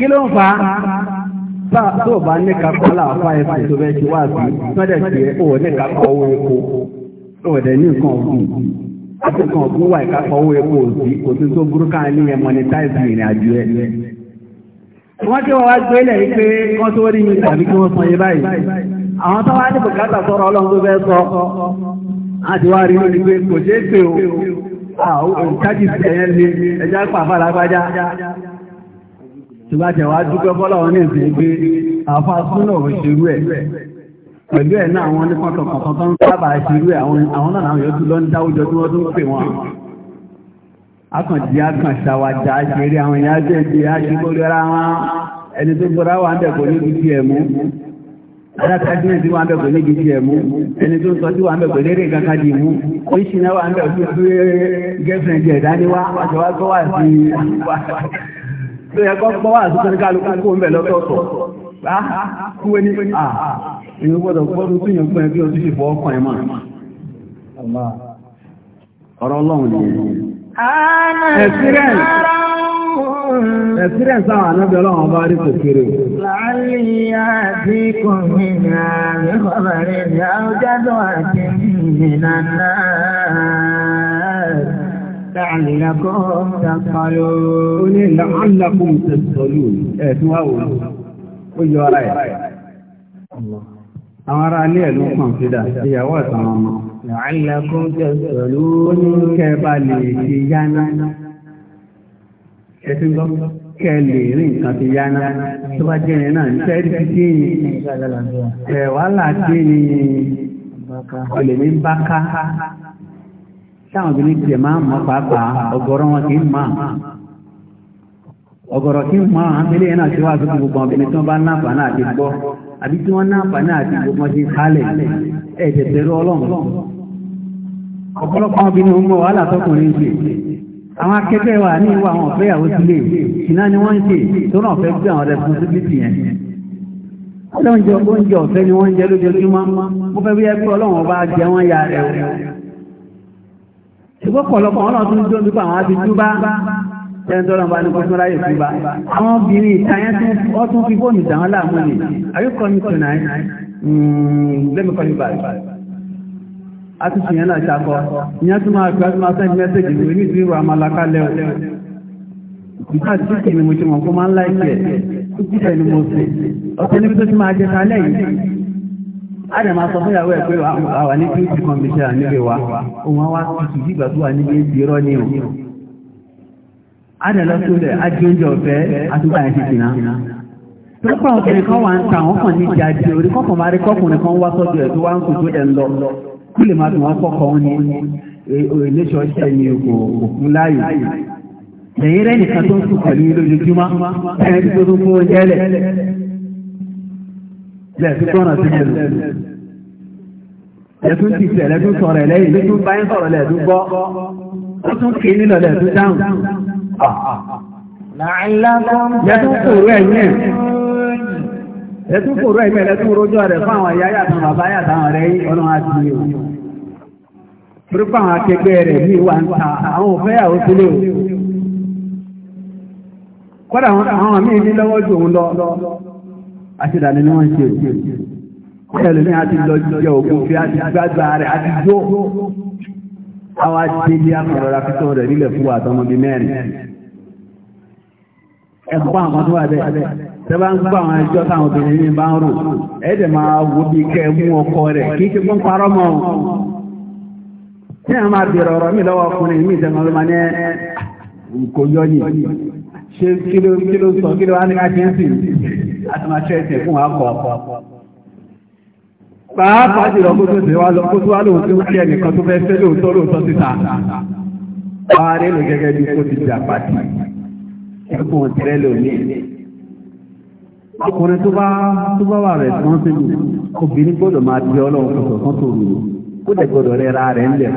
kí ló ń fa tó bá ní kakọ́ láàfá ẹ̀sìn tó bẹ́ẹ̀ ti wá sí sọ́dẹ̀ tí ó ní kakọ́ owó epo ó dẹ̀ ní nǹkan ọ̀gbìn àti nǹkan ọ̀gbìn wà ìkakọ́ owó epo òsì kò tún tó burúkú ní ẹ̀ monetize ìrìn àjò ẹ̀ wọ́n tí wọ́n wá gbé lẹ̀ pé wọ́n tó rí mi tàbí kí wọ́n san yé báyìí àwọn tó wá ní bùkátà sọ̀rọ̀ ọlọ́run tó fẹ́ sọ àti wá rí lórí pé kò ṣeé pé o tí bá tẹ̀wá dúpẹ́ fọ́lọ́wọ́ ní ìsìn pé àfa súnà ò ṣerú ẹ̀ pẹ̀lú ẹ̀ náà àwọn onípọ̀tọ̀ kọ̀ọ̀kan tó ń sábà ṣerú ẹ̀ àwọn náà àwọn yòókù lọ ń dáwùjọ tí wọ́n tún pè wọ́n akànjí akànṣàwàjà ṣeré àwọn èèyàn jẹ́ ìdí aṣíkórí ara wọn ẹni tó gbọ́dá wà ń bẹ̀ kò ní gidi ẹ̀ mú alákàdínlẹ̀ tí wà ń bẹ̀ kò tó yẹ kọ́ gbọ́ wà síkọ́ ní kálukú kó mẹ́ lọ́tọ̀ọ̀tọ̀ bá ní à gbọ́dọ̀ gbọ́dọ̀ yẹn gbọ́n ẹ̀mọ́ ọ̀rọ̀ ọlọ́run ọlọ́run rí Láàrín لعلكم تسألون قل لعلكم تسألون ẹ̀tùwáwò ó yọ ara ẹ̀ àwọn ará alẹ́ ẹ̀lú kan fi dà ìyàwó àtàwọn ọmọ لعلكم تسألون kẹba lè ṣe yáná ẹ̀tùgbọ́ kẹ lè rí nǹkan fi yáná tó bá jẹ́ náà ń ti dé ní ẹ̀wà láti ní ọlẹ̀mí bá táwọn obìnrin tiẹ̀ máa ń mọ pàápàá ọ̀gọ̀rọ̀ wọn kì í mọ̀ ọ̀gọ̀rọ̀ kì í mọ̀ àmìlẹ̀ yẹn náà ti wá àtúntò gbogbo obìnrin tí wọ́n bá láǹfààní àti gbọ́ àbí tí wọ́n láǹfààní àti gbogbo ṣe kálẹ̀ ẹ̀ tẹ̀tẹ̀rẹ̀ ọlọ́run ọ̀pọ̀lọpọ̀ obìnrin ń mọ wàhálà tọkùnrin ṣe àwọn akẹgbẹ́ wa ní ìwà àwọn ọ̀fẹ́yàwó sílé ìná ni wọ́n ń ṣe tó náà fẹ́ gbé àwọn responsibility yẹn ọlọ́run jẹ oúnjẹ ọ̀fẹ́ ni wọ́n ń jẹ lójoojúmọ́ mo fẹ́ bí ẹgbẹ́ ọlọ́run ọba jẹ wọ́n ya rẹ̀ ṣùgbọ́n pọ̀lọpọ̀ wọn náà tún jó nípa àwọn abidú bá ẹ̀ńdọ́rọ̀ bá ní kọ́tún láyé fún bá àwọn obìnrin ìtayẹ́ tí wọ́n tún fi fóònù dàn láàmú ni are you coming tonight hmm, let me call you back àtúnṣe yẹn náà ṣàkọ ìyẹn tún máa fi ọdún máa send message mi ní ìdúró àmàlàkà lẹ́wọ̀ ìgbà tí kìnnìmọ̀ tí mo kó máa ń láìpẹ́ ẹ̀ tó kúta ni mo sè ọ̀sẹ̀ níbi tó ti máa jẹ kalẹ̀ Adé máa sọ fún ìyàwó ẹ̀ pé àwà ní kí kọmíṣẹ́ nílé wa, òun wá tutù dìgbà tó wà níbi èdè rọ́ ní o. Adé lọ sí ilẹ̀ ajé oúnjẹ ọ̀fẹ́ àtúgbà njọ kan ní ìjà di orí máa rí kan wá tó wá ń lọ. lè máa wọn ní láàyè. nìkan tó ń sùn ẹni tó tó fún lẹ́ẹ̀tún tọ́nà sí ẹ̀lú ẹ̀tún ti tẹ̀lẹ̀ tún sọ̀rọ̀ ẹ̀lẹ́yìn lẹ́tún báyín sọ̀rọ̀ lẹ́ẹ̀tún gbọ́ ó tún kìí nílọ lẹ́ẹ̀tún dáhùn lẹ́tún kòrò ẹ̀yìn ẹ̀ kòrò ẹ̀yìn lẹ́tún rojọ́ rẹ̀ fún àwọn ìyá yàtọ̀ bàbá yàtọ̀ rẹ̀ ọ̀nà àti ìhò torípa àwọn akẹgbẹ́ rẹ̀ ní ìwà ń ta àwọn òfẹ́yàwó sílé kọ́dà àwọn àmì ìdílọ́wọ́ jù òun lọ aṣèdàní ni wọ́n ṣe o ẹlòmí àti lọ jẹ òkú fi àti gbàgbà rẹ̀ àti jó àwa dédé akọ̀rọ̀ra fífọ́ rẹ̀ nílẹ̀ fún wa àtọmọ bíi mẹ́rin ẹ̀kọ́ àwọn tó wà bẹ́ẹ̀ tẹ́bá ń gbọ́ àwọn ẹjọ́ táwọn obìnrin ní bá ń rò ẹ̀ẹ́dẹ̀ máa wo bí kẹ́ mú ọkọ rẹ̀ kí kí a máa bèèrè ọ̀rọ̀ mi lọ́wọ́ ọkùnrin mi ìtẹ̀mọ́ ló máa ní kò yọ yìí sọ kí ló wá ní ká jẹ́ sí àti máa ṣẹ́ ẹ̀sìn fún àkọ́ pàápàá jùlọ kó tó ṣe wá lọ kó tó wá lóhun tó ń kíyẹ nìkan tó fẹ́ fẹ́ lóòótọ́ lóòótọ́ síta ààrẹ lò gẹ́gẹ́ bí kó ti jà pàtì ẹkùn tẹ́rẹ lónìí ọkùnrin tó bá tó bá wà rẹ̀ tí wọ́n ti lù obìnrin gbọ́dọ̀ máa di ọlọ́run kò sọ̀tán tó lù ó dẹ̀ gbọ́dọ̀ rẹ ra rẹ̀ ńlẹ̀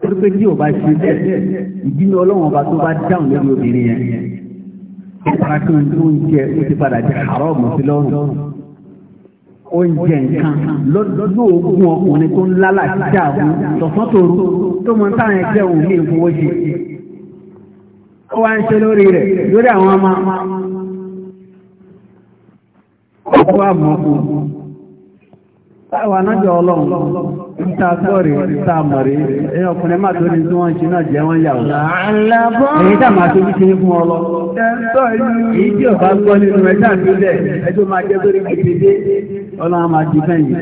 fẹ́ pé kí o bá ṣe bẹ́ẹ̀ ìdí ni ọlọ́run ọba tó bá dáhùn lórí obìnrin yẹn ìfarakín tó ń jẹ ó ti padà jẹ àrọ́ọ̀mù sí lọ́rùn oúnjẹ nǹkan lóògùn ọkùnrin tó ń lálà jíjà òun tọ̀sán tòru tó mọ táwọn ẹgbẹ́ òun lè fowó ṣe ó wá ń ṣe lórí rẹ̀ lórí àwọn ọmọ ọkọ̀ àmọ́kùnrin Táwà náà jọ ọlọ́run, ìta gbọ́rì, ìta mọ̀rí, ẹ̀yọ ọkùnrin máa tó ní tí wọ́n ń ṣe náà jẹ́ wọ́n yà wọ́n. Èyí tà máa tó wíṣe fún ọlọ́. Èyí tí ò bá gbọ́ nínú ẹja ń dúlẹ̀, ẹjọ́ máa jẹ́ lórí gbèdédé, ọlọ́run máa di fẹ́yìn.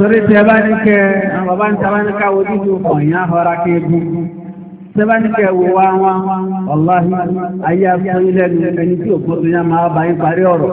Torí tí ẹ bá ní kẹ, àwọn bàbá ń ta bá ní káwọ́ dídú ọ̀yàn ọ̀rá kéegun. Tẹ́bá ní kẹ wo wá wọn, ayé afẹ́ ilẹ̀ ẹni tí òkú tó yá máa bá yín parí ọ̀rọ̀.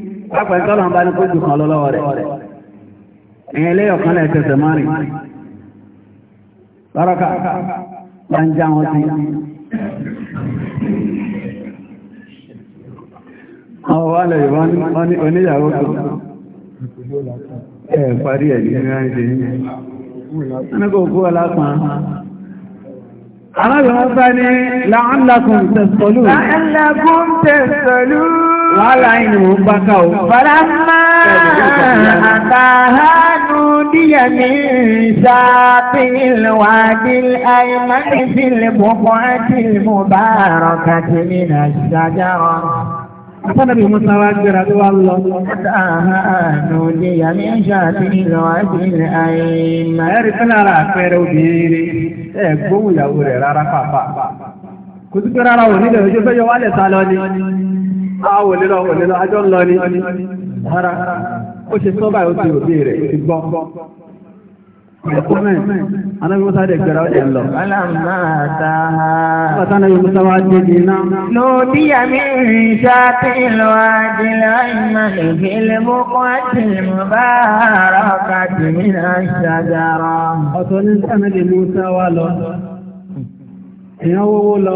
pápá ẹ̀ka ọlọ́run bá ní kó jù kan lọ lọ́wọ́ rẹ̀ ẹ̀yìn ilé ọ̀kan lẹ̀ tẹ̀sẹ̀ máa rìn lọ́rọ́kà bá ń já wọn sí àwọn wà lẹ̀ ìwọ́n ní oníyàwó tó ẹ̀ parí ẹ̀ ní ìrìnàjò yìí wọ́n kò kú ọlá kan Arábìnrin bá ní láàrín lákùn tẹ̀sọ̀lú. Láàrín lákùn tẹ̀sọ̀lú wàhálà yìí ni mò ń bá ká o. Bàrá máa àtàhà nù díyà ní ìṣàpìlẹ̀ wà ní àìmọ́ ìfìlẹ̀ pọ̀pọ̀ àti ìmúbàárọ̀ kàtìmí náà ṣàjárọ̀. Àtàdàbí Musa wá gbéra tó wá lọ. Àánú lè yà mí ń ṣàtì lọ Ẹ̀rí fẹ́ lára àpẹẹrẹ obìnrin ẹ̀ gbóhùn ìyàwó rẹ̀ rárá pàápàá. Kò sí pé rárá òní lè ojú fẹ́ yọ wálẹ̀ sálọ ni. Àwò ah, lílọ òwò lílọ ajọ́ ń lọ ní ara. Ó ṣe sọ́bà ó ti òbí rẹ̀ ti gbọ́. Ẹ̀kọ́mẹ̀, anábí Musa dẹ̀ gbẹ̀rẹ̀ ọ̀dẹ̀ lọ. Aláàmà àtàhà. Bàtà náà yóò Musa wá dé di iná. Lòdì àmì ìrìnṣà tí lọ àdìlẹ̀ àìmọ̀ ìfìlẹ̀ mọ́kọ́ àti ìmọ̀bá ara ọ̀ka tìmínà ìṣàjára. Ọ̀tọ̀ ní Sàmẹ́lì Musa wá lọ. Èèyàn wọ́wọ́ lọ.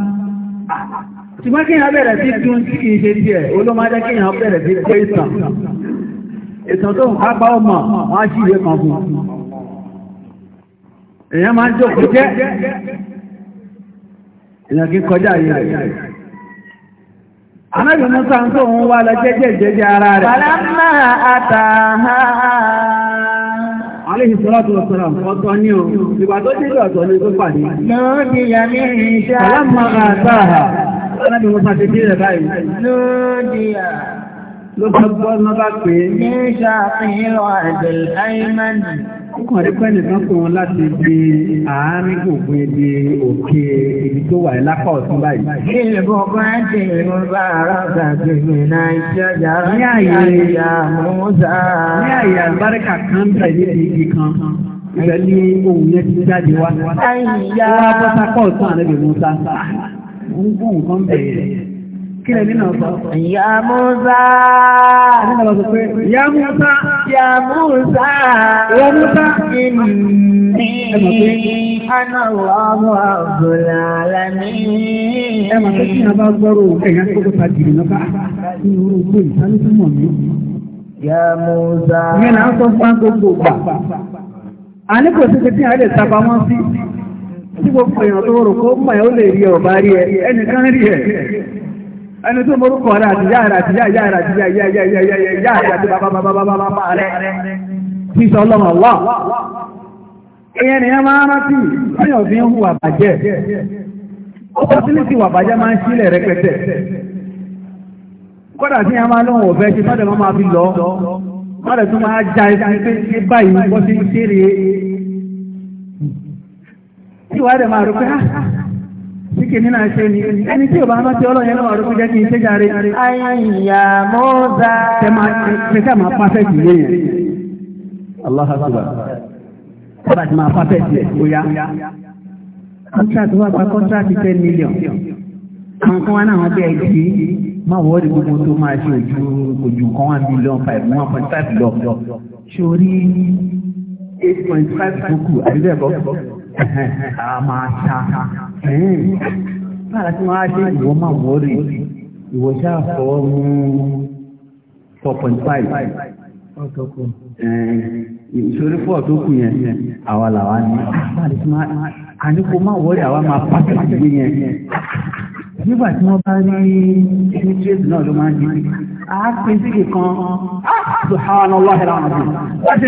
ṣùgbọ́n kí èèyàn bẹ̀rẹ̀ sí dún tí kìí ṣe díẹ̀ olómọdé kí èèyàn bẹ̀rẹ̀ sí pé ìtàn ìtàn tó ń kápá ọmọ wọn á sì ìwé kan fún èèyàn máa ń jókòó jẹ́ èèyàn kí kọjá yìí Anábì Musa ń tó ń wá lọ jẹ́jẹ́ jẹ́jẹ́ ara rẹ̀. Fàlámà àtàhà. Aléhi sọ́látọ̀ sọ́lá ọ̀tọ̀ ní o, ìgbà tó dé ọ̀tọ̀ ní tó pàdé. Lọ́ọ̀dì yà ní ìṣẹ́. Fàlámà àtàhà. Alábì mo sá ti bí rẹ̀ báyìí. Lóòdìyà. Ló bá gbọ́ ná bá pé. Ní ṣàfihàn àdìl àìmánì. Ọkàn rí pẹ́ nìkan pè wọn láti di àárín gbùngbùn ibi òkè ibi tó wà lápá ọ̀tún báyìí. Ìlú bá ti ohun yẹn ti jáde wá. Wọ́n á bọ́ ọ̀tún àrẹ́bẹ̀ Musa ń gún nǹkan bẹ̀rẹ̀ kí lẹ́ni ọmọ ọ̀gbọ̀nà alámi. Ẹ máa fẹ́ kí ni a bá gbọ́rọ̀ tó kọ́ta jìnnà náà bá irú ogbó ìsánítúmọ̀ mi. Ìyá Musa. Ìyẹn kò sí pé tí a lè sábà wọn sí. tí gbogbo èèyàn tó rò kó mọ̀ ó lè rí ẹ̀ rí ẹ kan rí ẹ̀ ẹni tó morúkọ rẹ̀ àti yára àti yára àti yára àti yára àti yára àti bàbá bàbá bàbá ti tí wàá dẹ̀ máa rò pé tí ah, kìíní náà ṣe ni ẹni tí ò bá rántí ọlọ́yẹn náà rò pé jẹ́ kí n ṣe jàre. ayíyá mọ́ọ́dà. ṣe máa ṣe ká máa pàṣẹ jù yẹn. aláha ṣùgbọ́n kọ́dà ti máa pàṣẹ jù lé bóyá. kọ́ńtàkì wà pa kọ́ńtàkì ten million. kankan wa náà wọ́n bí ẹ jí máa wọ́ọ̀dì gbogbo tó máa ṣe ojú ojú kan one million five one point five lọ. sori eight point five kúkú àdúgbò ẹ̀kọ́. a máa ta lára tí wọ́n á ṣe ìwọ máa wọ́rì ìwọ four point five ìṣòro fọ́ tó kù yẹn àwa làwa ní àníkó máa wọ́rì àwa máa pàtàkì gbé yẹn nígbà tí wọ́n kan subhanallah alazim wa ti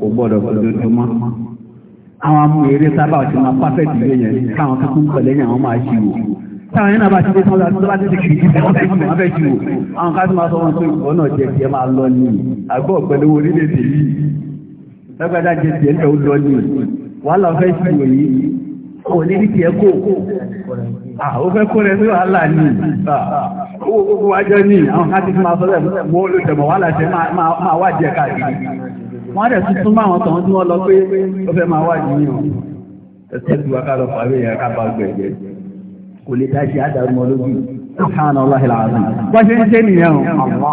kò gbọ́dọ̀ gbọ́dọ̀ àwọn amú sábà ti máa pàfẹ́tì ilé yẹn káwọn tuntun pẹ̀lẹ́ yẹn àwọn máa ṣì wò táwọn yẹn náà bá ti dé sọ́dọ̀ tó bá ti ti kìí jí bẹ́ẹ̀ wọ́n fẹ́ ṣì àwọn ká tó máa sọ wọn pé ìwọ náà jẹ tiẹ̀ máa lọ ní àgbọ̀ pẹ̀lú orílẹ̀-èdè yìí lọ́gbàdá jẹ tiẹ̀ náà lọ ní wàhálà fẹ́ ṣì wò yìí kò ní tiẹ̀ kò ó fẹ́ kó rẹ̀ sí wàhálà ní wọ́n rẹ̀ tuntun máa wọn tọ̀wọ́n tí wọ́n lọ pé ó fẹ́ máa wà ẹ̀sẹ̀ tí wọ́n pàwé yẹn ká bá kò lè dá àdàrú mọ́ lójú o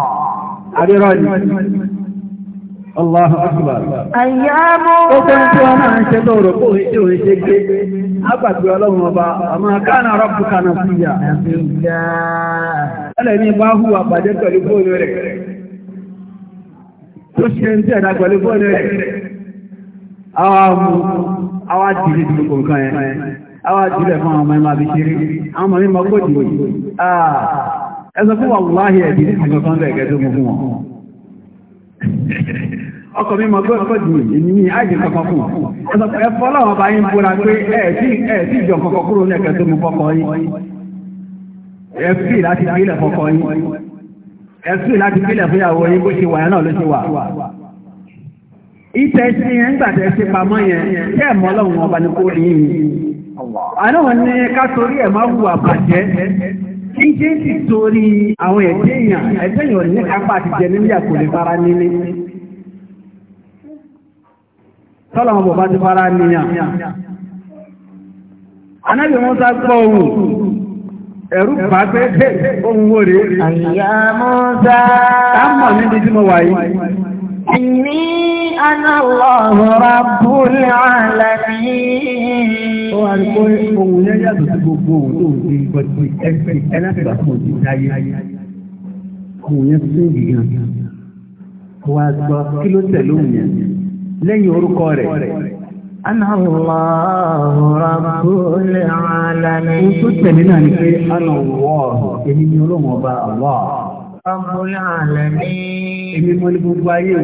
àdérọ́ yìí Allahu akbar. Àyàmú. Ó fẹ́ tí wọ́n máa ń ṣe kó ṣe ṣe gbé. ọlọ́run ọba, àmọ́ rọ́pù Ẹlẹ́ni bá tó ṣe ń tẹ̀dá pẹ̀lú fóònù rẹ̀ àwọn amú àwọn àdìrí ìdìbò kọ̀ọ̀kan ẹ̀ àwọn àdìrẹ̀ fún àwọn ọmọ ẹmà bí ṣeré àwọn ọmọ mímọ̀ kò dìbò ah, ẹ̀sọ fún wà wáhí ẹ̀dì ìgbọ̀kan lẹ́gẹ́ tó mú fún wọn ọkọ̀ mímọ̀ kò dìbò ìní ní àìjì kankan fún ẹ̀sọ ẹ̀fọ́ láwọn bá yín búra pé ẹ̀ẹ̀tí ìjọ kankan kúrò lẹ́gẹ́ tó mú fọ́kọ yín ẹ̀fí láti fi ilẹ̀ fọ́kọ yín ẹ̀sùn láti pílẹ̀ fún ìyàwó yín bó ṣe wà náà ló ṣe wà. Ìtẹ̀ sí yẹn gbàtẹ̀ sí pamọ́ yẹn tí ẹ̀ mọ́ lọ́wọ́ ní kó rí yìí. Àná wọn ní ká torí ẹ̀ wù àbàjẹ́. Kíjé sì torí àwọn èèyàn èèyàn ní kápá jẹ nílé àkò lè fara nílé. wọn bọ̀ bá ti fara ẹ̀rù bá pé ohun wo rèé àyà níbi tí mo wà yìí Inni ana Allahu rabbul alamin. Ó wà ní pé ohun yẹn yàtọ̀ sí gbogbo ohun tó ń di gbọ̀dì ẹgbẹ́ ẹlẹ́gbẹ̀ẹ́ fún òjì dáyé. Ohun yẹn tún أنا الله رب العالمين قلت لنا نكي أنا الله إني يلوم وباء الله رب العالمين إني مولي بوبايو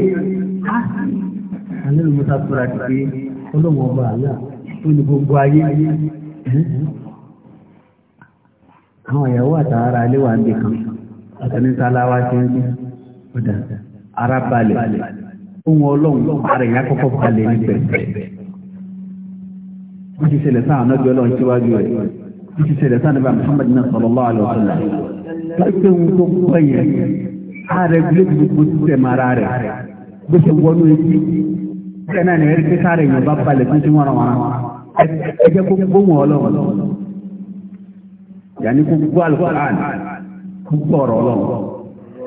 أنا المتفرق في يلوم وباء الله مولي بوبايو àwọn ìyàwó àtàrà ilé wà níbi kan àtẹnitàláwá ṣe ń gbé ara balẹ̀ ohun ọlọ́run ara ìyá kọ́kọ́ balẹ̀ níbẹ̀ ó ti ṣẹlẹ̀ sáà náà jọlọ síwájú rẹ̀ ó ti ṣẹlẹ̀ sáà nígbà Muhammad náà sallallahu alaihi wasallam láìpẹ́ ohun tó pẹ́ yẹn ààrẹ gbílẹ̀ gbogbo tẹ̀ mara rẹ̀ bó ṣe wọnú etí bẹ́ẹ̀ náà ni ẹ̀rí pé sáré yẹn bá balẹ̀ tó ti wọ́n wọn ẹ jẹ́ kó gbóhùn ọlọ́run yàní kó gbó àlùkò àná kó gbọ́ ọ̀rọ̀ ọlọ́run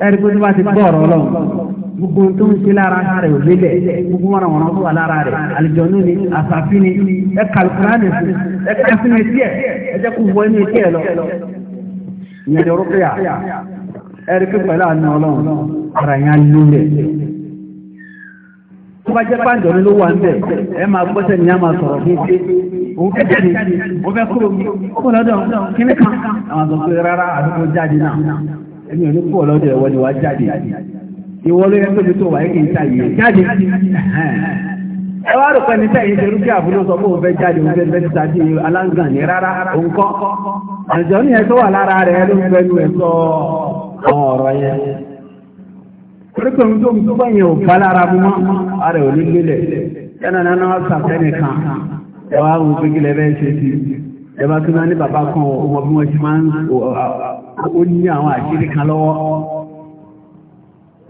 ẹ̀rí pé gbogbo tó ń ṣe lára rẹ̀ ò lélẹ̀ gbogbo wọn àwọn ọmọ wà lára rẹ̀ àlùjọ̀nù ni àfàfin ni ẹ kàlùkùrá nì fún ẹ ká sínú etí ẹ ẹ jẹ́ kó wọ inú etí ẹ lọ. ìyẹn lè rúkìá ẹ rí pé àná ọlọ́run ara yẹn lélẹ̀. tó bá jẹ́ pàǹdọ̀ ló wà níbẹ̀ ẹ máa gbọ́sẹ̀ ní a máa sọ̀rọ̀ fún ṣe òun fẹ́ jáde òun fẹ́ kúrò mi kó lọ́dọ̀ kíní kan àwọn àgbẹ̀ rárá àdúgbò jáde náà ìwọ ló yẹ pẹ́lú tó wà ní ìta yìí jáde ẹ wá rò pẹ́ni tẹ́yìn ṣe rúkẹ́ àbúrò sọ fún òfẹ́ jáde òfẹ́ fẹ́ tàbí aláǹgàn ní rárá òǹkọ́ àjọ ní ẹ tó wà lára rẹ̀ ló ń pẹ́lú sọ ọ̀rọ̀ yẹn tó ń tó ò bá lára mú mọ́ ara ò ní lélẹ̀ yánà ẹ wá rò bẹ́ẹ̀ ṣe ẹ bá tún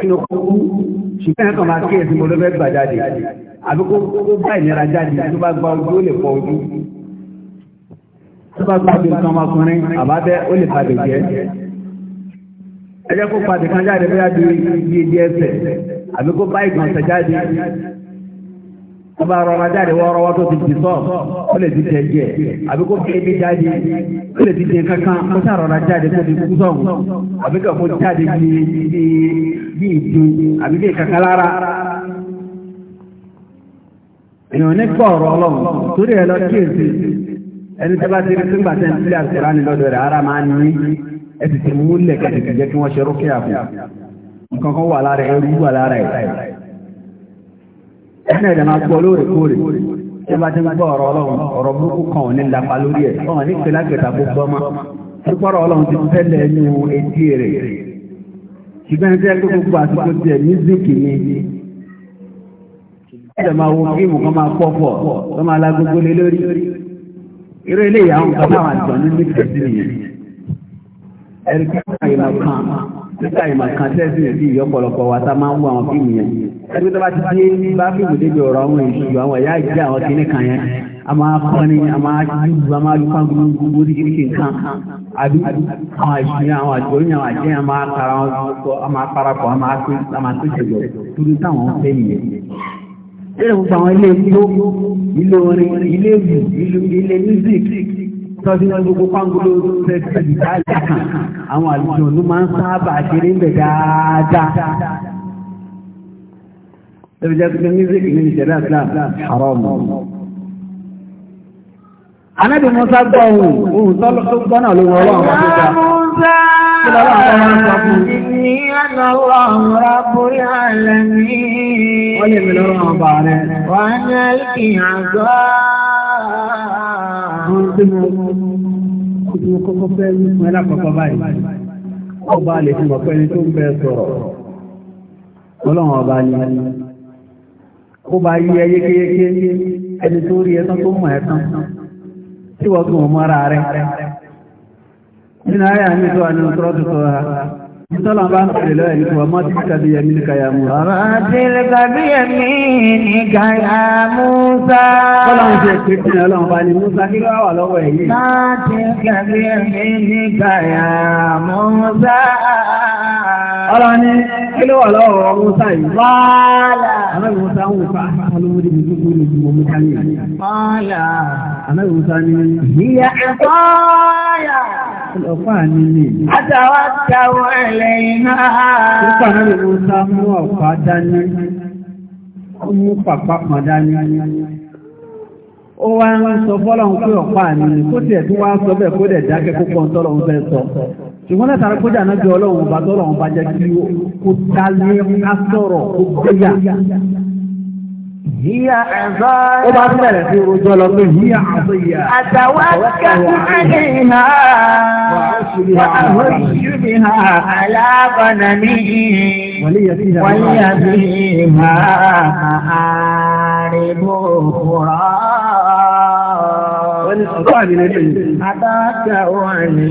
kí ó kú ṣùgbọ́n ẹ̀kan máa kí ẹ̀sìn olóbẹ́ gbà jáde àbí kó bá ìnira jáde tó bá gba ojú ó lè fọ ojú tó bá gba ojú nǹkan ọmọkùnrin àbábẹ́ ó lè padà jẹ́ ẹjẹ́ kó padà kan jáde bóyá bí ibi ẹsẹ̀ àbí kó bá ìgbọ̀nsẹ̀ jáde wọ́n bá rọra jáde wọ́n rọwọ́ tó ti jì sọ́ ó lè ti jẹ jẹ àbí kó fi ebi jáde ó lè ti jẹ kankan kó sá rọra jáde kó fi kú sọ̀hún àbí kò kó jáde bí bí ìdun àbí bí kankan lára. èèyàn ní kọ́ ọlọ́run torí ẹ lọ kíyèsí ẹni tí a bá ti rí fún gbàtẹ́ nílé àkùrá ni lọ́dọ̀ rẹ̀ ara máa ń ní ẹ ti ti múlẹ̀ kẹ́kẹ́ jẹ́ kí wọ́n ṣe rúkẹ́ àbò nǹkan kan wà lára ẹ rú wà lára ẹ̀ ẹ̀nà ẹ̀dẹ̀ máa gbọ́ lóòrèkóòrè tí wọ́n ti gbọ́ ọ̀rọ̀ ọlọ́run ọ̀rọ̀ burúkú kan ò ní lapa lórí ẹ̀ ọ̀hún ní pẹ̀lá gbẹ̀ta gbogbo ọmọ pípọ́rọ̀ ọlọ́run ti tẹ́lẹ̀ ẹnu etí rẹ̀ ṣùgbọ́n ẹgbẹ́ tó gbogbo àsìkò tiẹ̀ mísíkì ni ẹ̀dẹ̀ máa wo fíìmù kan máa pọ̀pọ̀ tó máa lágbogbo lé lórí irú ilé ìyá àwọn kan máa wà jọ nígbà ìmọ̀ kan tẹ́sí sí ìyọ́pọ̀lọpọ̀ wa tá máa ń wo àwọn fíìmù yẹn ẹgbẹ́ tó bá ti dé bá fíìmù débi ọ̀rọ̀ àwọn ìṣù àwọn ẹ̀yà ìjẹ́ àwọn kìíní kan yẹn a máa kọ́ni a máa dúdú a máa lu fáwọn gbogbo oríṣiríṣi nǹkan àbí àwọn ìṣù yẹn àwọn àjọ yẹn àwọn àjẹ́ yẹn máa para wọn sọ a máa parapọ̀ a máa tó a máa tó ṣèjọ tuntun táwọn ń fẹ́ nìyẹn. ilé ìlú ilé music tọ́jú gbogbo pangolo tẹ̀sí káàlì kan àwọn àlùjọ ló máa ń sábà kéré ń dáadáa. Tẹ̀sí jẹ́ tuntun music ní ìṣẹ̀lẹ̀ Islam haram. Anábì Musa gbọ́ ohun ohun tọ́lọ́ tó gbọ́ ló wọ ọlọ́run wá tó dá. Kí lọ́lọ́ àwọn ọmọ sọ fún un? Ní àná ọlọ́run rábúrí àlẹ́ mi. Wọ́n lè mi lọ́rọ̀ ọba rẹ̀. Wọ́n á ní àlùkì àgọ́ sínú kùtù kọ́kọ́ fẹ́ nípa alákọ̀ọ́kọ́ báyìí ọba lè fi mọ̀ pé ẹni tó ń bẹ sọ̀rọ̀ ọlọ́run ọba ni ó bá yí ẹ yékéyéké ẹni tó rí ẹtán tó mọ̀ ẹtán tí wọ́n tún mọ́ra rẹ̀ nínú ayé àmì tó wà nínú tó ha Ìtọ́lá bá ń pèrè lọ́yẹ̀ ní wa máa ti kàbí ẹ̀mí ní kàyà mú. Ọ̀rọ̀ àti kàbí ẹ̀mí ní kàyà Músá. Tọ́lá ń ṣe pé kí ọlọ́run bá ní Músá kí wá wà lọ́wọ́ ẹ̀yìn. Láti kàbí ẹ̀mí ní kàyà Músá. Ọlọ́run ní kí ló wà lọ́wọ́ Músá yìí? Wàhálà. Àmọ́ Músá ń wùfà alówódé mi tó gbóni ju mọ́ Músá Wàhálà. Àmọ́ Músá ní. Ìyá ẹ̀kọ́ yà. Ọ̀pá ni ni. Àtàwà tàwọ̀ ẹ̀lẹ̀ iná. Nípa náà lè mú sá ni ni. Kó tiẹ̀ tún wá sọ bẹ́ẹ̀ kó dẹ̀ dákẹ́ kó pọ́n tọ́lọ̀ ń fẹ́ sọ. Ṣùgbọ́n látara kó jà náà jẹ́ ọlọ́run bá tọ́lọ́run bá jẹ́ kí ó ká lé ká sọ̀rọ̀ gbéyà. Ó bá bẹ̀rẹ̀ sí rojọ́ lọ pé yí àbúyà. Àtàwà kẹ́kù àdéhà. Wà á hóṣù bí ha alábọ̀nà ní wáyà bí ha àrèbò rọ̀. Wọ́n ni ọ̀gá mi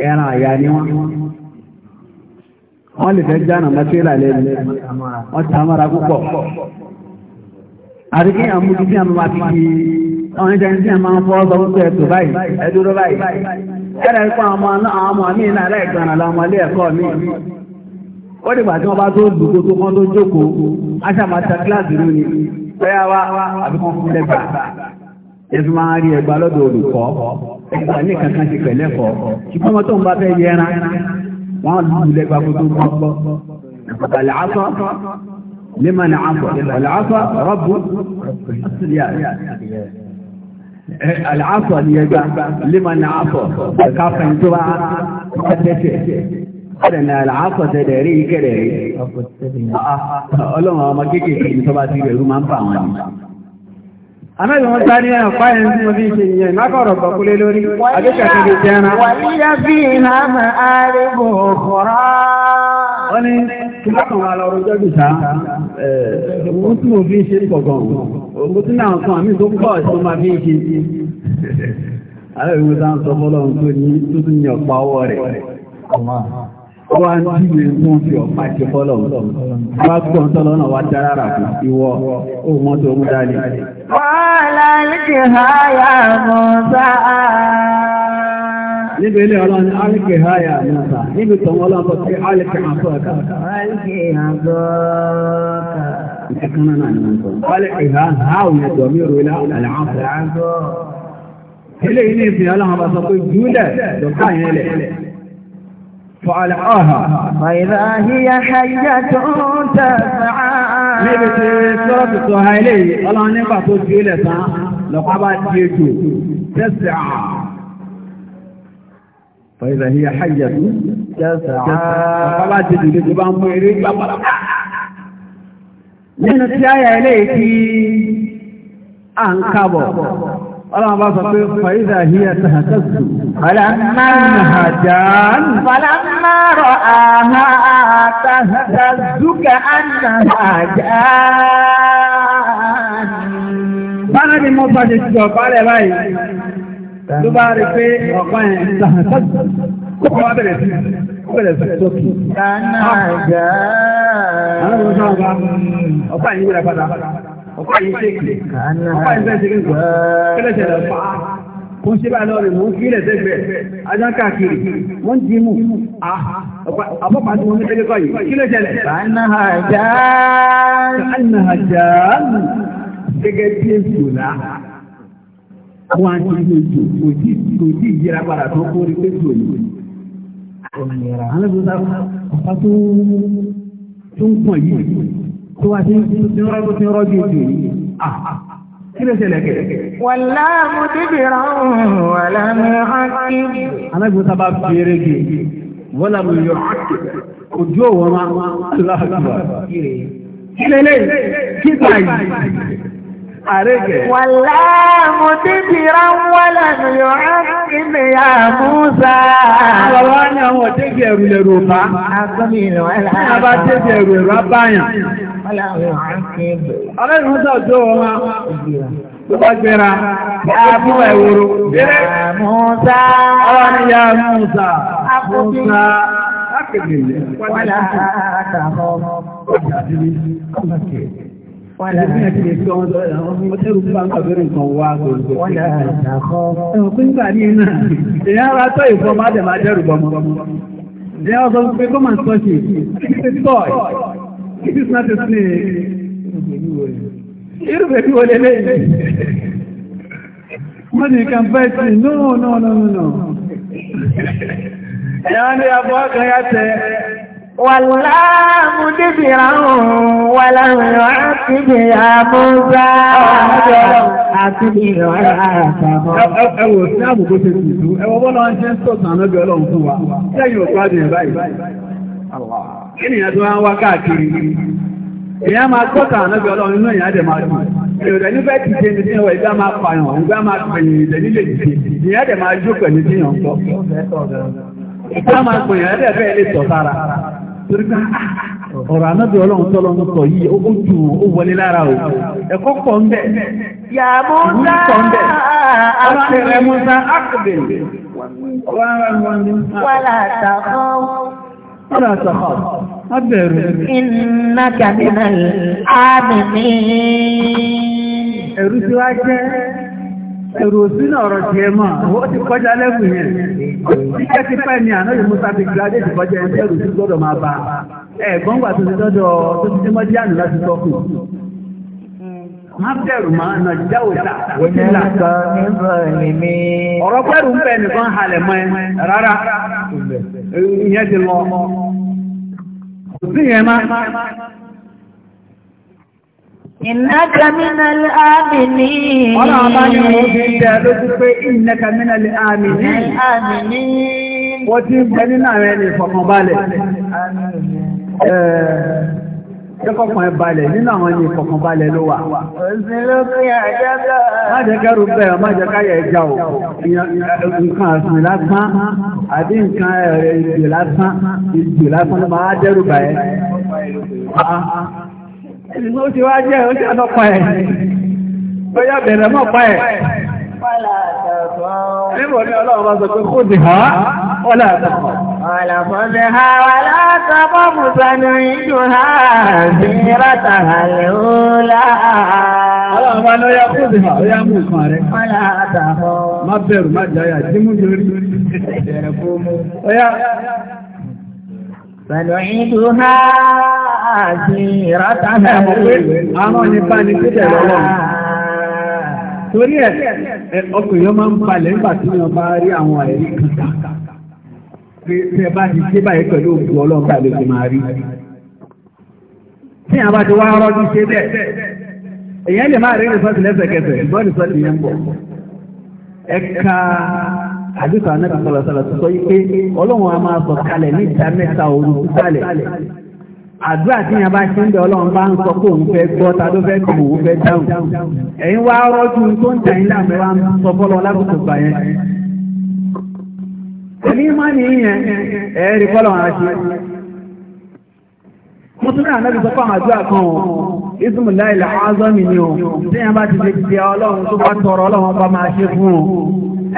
ẹran àyà ni wọ́n wọ́n lè fẹ́ jánà mọ́tírílà lẹ́nu wọ́n ti amára púpọ̀ àti kí àwọn mú kí àwọn máa fi kí àwọn ẹ̀jẹ̀ tí a máa ń fọ́ ọgbà wípé ẹ̀tọ́ báyìí ẹ̀dúró báyìí kẹ́rẹ̀ pọ̀ àwọn ọmọ mi náà lẹ́ẹ̀kan àlọ́ ọmọ ilé ẹ̀kọ́ mi ó dìgbà tí wọ́n bá tó tó tó jókòó aṣàmàṣà ìgbà ní kankan ti pẹ̀lẹ́ kọ̀ ṣùgbọ́n wọn tó ń bá fẹ́ yẹra wọn lù lẹ́gbàá kó tó gbọ́ àlàáfà lẹ́mà ní àfọ̀ àlàáfà rọ́bù àtúnyà àlàáfà ni ẹgbà lẹ́mà ní àfọ̀ ẹ̀ka fẹ̀yìntì wa ẹ̀dẹ́sẹ̀ ẹ̀dẹ̀nà àlàáfà tẹ̀dẹ̀ rí kẹ̀dẹ̀ rí ọlọ́run ọmọ kéékèèké ní tó bá ti máa ń bà wọn ni. Anábì wọn sáré ẹ̀ fáyé ń mú bí ṣe ìyẹn lákọ̀ọ̀rọ̀ gbọ̀kúlé lórí, àdékàtẹ́ jẹ́ ẹran. Wọ́n ní kí lọ́kàn náà máa fi ń ṣe. Àlọ́ ní tó tún ní ọ̀pá wá ń jíwe fún fi ọ̀pá ti fọ́lọ̀ bá gbọ́n tọ́lọ́ náà wá dára rà fún ìwọ ó mọ́ tó mú dálé. wàhálà ìkè háyà mọ́sá. níbi ilé ọlọ́run alìkè háyà mọ́sá níbi tọ̀wọ́ ọlọ́run tó ti alìkè àtọ́ọ̀ká. alìkè àtọ́ọ̀ká. ìkẹ́kọ̀ọ́ náà ni wọ́n sọ. alìkè فألعاها فإذا هي حية تسعى níbi tí sọ́ọ̀tù tó ha ilé yìí ọlọ́run nígbà tó ju ilẹ̀ tán lọ́pàá bá di ejò tẹ́sẹ̀ à. فإذا هي حية تسعى lọ́pàá bá di ìdílé tó bá ń mú eré gbà padà. nínú tí a yà ilé yìí kí à ń kábọ̀ ọlọ́run bá sọ pé fàídà híyà tàhàtàsù aláàmàrà jàn fàlámàrà àhà tàhàtàsùkà ànàhà jàn bára ni mo sọ jẹ́ ọ̀pálẹ̀ báyìí tó bá rí pé ọ̀pá ẹ̀ tàhàtàsù kó wá bẹ̀rẹ̀ sí bẹ̀rẹ̀ sí tókì ànàhà jàn ọ̀pá ìyíwẹ̀rẹ̀ padà ọ̀pá yìí ṣe kìlẹ̀ ọ̀pá yìí ṣe kìlẹ̀ kílẹ̀ ṣẹlẹ̀ pa kò ṣe báyìí lọ́rẹ̀ mò ń kílẹ̀ sẹ́gbẹ̀ẹ́ ajá káàkiri wọ́n jí mú àpọ́pàá tí mo ní tẹ́lẹ̀ kọ́ yìí kílẹ̀ ṣẹlẹ̀ gẹ́gẹ́ bí èso là àwọn àti èso kò tí kò tí yíra padà tó kó rí èso yìí. àwọn ènìyàn àwọn ènìyàn ọ̀pá tó ń pọ̀ yìí tí wá sí rọ́dún tí rọ́dún ètò yìí kí ló ṣẹlẹ̀ kẹ̀. wàlá mo débi ràn wàlá mi rántí. alágbèsè sábà fèrè àrẹ́gẹ̀. Wàlá mo ti dìra wọ́lá nìyọ̀ ákìlẹ̀ ya Musa. Àwọn wá ní àwọn òtẹ́gì ẹ̀rù lẹ̀rù bá. Àgbọ́mí ìlú wọ́lá. Àbá tẹ́gì ẹ̀rù ẹ̀rù abáyàn. Wọ́lá mi ò ákìlẹ̀. Ọlọ́run mú sọ̀tọ́ ọmọ. Tó bá ẹ̀wòrò. Ya Musa. Ọwọ́ ni ya Musa. Musa. Ákìlẹ̀ wọ́lá. Wọ́lá Wọ́n ní ẹ̀kí ní It is not a snake. Irú bẹ̀bí wọlé lẹ́yìn. Wọ́n ní kan bẹ́ẹ̀ sí. No, no, no, no, no. Ìyá ni abọ́ kan yá tẹ Wàlá mú dìbì ráhùn wà láàrin àti bí a mú bá àti bí ọ̀rọ̀ àtàmọ́. Ẹwọ̀ sí àbùkó ṣe tìtú, ẹwọ bọ́lá ń ṣe ń sọ̀tàn ànábì ọlọ́run fún wa, lẹ́yìn òkú àdìyàn báyìí. Ènìyàn tó wá ń wá káàkiri, èèyàn máa sọ̀tàn ànábì ọlọ́run inú èèyàn dẹ̀ máa dùn. Èrò nífẹ̀ẹ́ ti ṣe ní ìwọ̀ ìgbà máa pààyàn, ìgbà máa pẹ̀yìn ìdẹ̀ nílé ìdíje, ìyẹn dẹ̀ máa jó pẹ̀lú ìgbà máa ń pòyàn ẹ̀dẹ̀ bẹ́ẹ̀ lè tọ̀ sára torí pé ah, ọ̀rọ̀ anábì ọlọ́run tọ́lọ́ ń sọ yìí ó jù lára o ẹ̀kọ́ pọ̀ ń bẹ̀ yàmú sá àkèrè musa àkèrè wàlá àtàkọ́ wàlá àtàkọ́ iná kàmínà àmì mi. ẹ̀rù tí wá jẹ́ ẹ̀rù òsínà ọ̀rọ̀ tí ẹ mọ̀ ti kọjá lẹ́bù yẹn títẹ́ ti pẹ́ ni àná yìí musa ti gbadé ti kọjá ẹni ẹ̀rù sí gbọ́dọ̀ máa bá ẹ̀gbọ́n gbà tó ti dọ́dọ̀ tó ti dín mọ́dí àná láti sọ́kù. má bẹ̀rù má nà jíjá òjà sílà ọ̀rọ̀ pẹ̀rù ń bẹ̀ nìkan halẹ̀ mọ́ ẹ rárá ìyẹn ti lọ Ìnáka mínà l'áàmì ní ìlú. Ọlọ́run bá ní wọ́n fi ń dẹ lójú pé ìnáka mínà l'áàmì ní ìlú. Wọ́n ti ń bẹ nínú àwọn ẹni ìfọ̀kànbalẹ̀. Jẹ́kọ̀kan ìbalẹ̀ nínú àwọn ẹni ìfọ̀kànbalẹ̀ ló wà. Má jẹ́ kẹ́rù bẹ́ẹ̀, má jẹ́ káyẹ̀ ẹja Ìlú ti wá jẹ́ ó ṣàdọ́ pa ẹ̀. Ó yá bẹ̀rẹ̀ mọ́ pa ẹ̀. ọlọ́run bá sọ pé kó dì há, wọ́n láà Ọlọ́run bá ní ó yá kó dì há, ó yá mú nǹkan rẹ̀. Wọ́n láà Má bẹ̀rù má jáyà, jímú lórí. Bẹ̀rẹ̀ kó mú. Ó فنعيدها سيرتها àwọn nípa ni títẹ̀ lọ́wọ́ torí ẹ̀ ọkùnrin yóò máa ń balẹ̀ nígbà tí wọ́n bá rí àwọn ẹ̀rí kàkà tẹ́ bá ti dé báyìí pẹ̀lú òkú ọlọ́ọ̀ká ló ti máa rí tí àwọn bá ti wá rọ́jú ṣe bẹ́ẹ̀ èèyàn lè máa rí rìsọ́ọ̀tì lẹ́sẹ̀kẹsẹ̀ ìgbọ́n rìsọ́ọ̀tì yẹn ń bọ̀ ẹ̀ka àdúgbò anábì sọ̀rọ̀sọ̀rọ̀ sọ pé ọlọ́run a máa sọ̀ kalẹ̀ ní ìta mẹ́ta òru sísàlẹ̀ àdúrà tí yẹn bá ṣe ń bẹ ọlọ́run bá ń sọ pé òun fẹ́ gbọ́ ta ló fẹ́ kù òun fẹ́ dáhùn ẹ̀yin wá rọ́jú tó ń tẹ̀yìn láàmú wa ń sọ fọ́lọ́ lákòókò gbà yẹn ẹ̀mí má ní yẹn ẹ̀ẹ́rì fọ́lọ́ ara ṣe mo tún náà náà sọ́kọ́ àwọn àdúrà kan ọ̀ ismu láìlà azọ́mì ni ọ̀ tí yẹn bá ti ṣe ti ọlọ́run tó bá tọrọ ọlọ́run bá máa ṣe fún ọ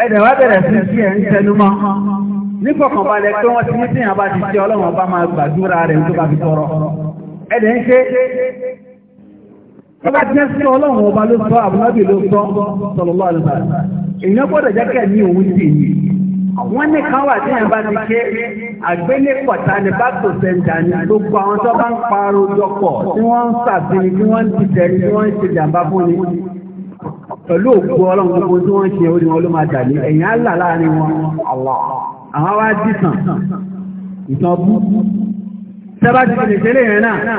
ẹ̀dẹ̀ wá bẹ̀rẹ̀ sí sí ẹ̀ ń tẹnumọ́ nífọ̀kànbalẹ̀ pé wọ́n ti ní tí ìyàn bá ti ṣe ọlọ́run ọba máa gbàdúrà rẹ̀ tó bá fi tọrọ ẹ̀dẹ̀ ń ṣe ọba jẹ́ sí ọlọ́run ọba ló sọ àbúnábì ló sọ sọlọ́lọ́ àlùbà èèyàn gbọ́dọ̀ jẹ́kẹ̀ ní òun sì ní wọ́n ní kan wà tí ìyàn bá ti ṣe àgbélépọ̀ta ní bákò sẹ́ńdà ní gbogbo àwọn tó bá ń parojọpọ̀ tí wọ́n ń sàbíni tí wọ́n ń tìtẹ̀ tí wọ́n ń ṣe jàǹbá fún ni pẹ̀lú òkú ọlọ́run gbogbo tí wọ́n ṣe orí wọn ló máa dàbí ẹ̀yìn àlà láàrin wọn àwọn wá dìtàn ìtàn bú sẹ́bá ti fi nìṣẹ́lẹ̀ yẹn náà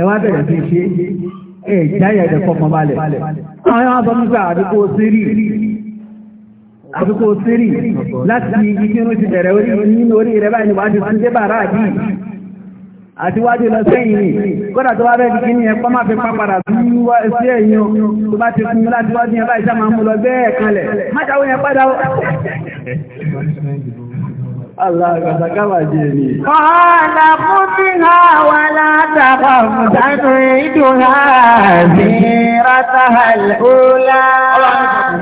ẹ wá bẹ̀rẹ̀ sí ṣe é jáyà ẹ̀dẹ̀ fọkàn balẹ̀ àwọn yóò sọ nípa àdúgbò sírì àdúgbò sírì láti ibi tí wọ́n ti bẹ̀rẹ̀ nínú orí rẹ̀ báyìí wájú sí débàrá yìí àti wájú lọ sẹ́yìn ní kọ́dà tó wá bẹ́ẹ̀ kìí ní ẹ̀pọ́ máa fi pa sí ẹ̀yìn tó bá ti fún láti wájú yẹn báyìí sáà mú lọ bẹ́ẹ̀ kanlẹ̀ májáwó yẹn padà ó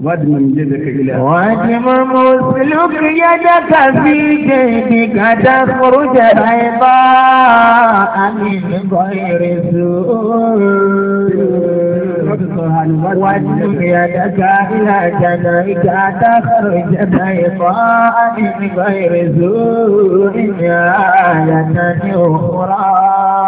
وادمم يدك إلى وادمم اسلك يدك في جيبك تخرج بيضاء من غير سوء وادم يدك إلى جنيك تخرج بيضاء من غير سوء آية أخرى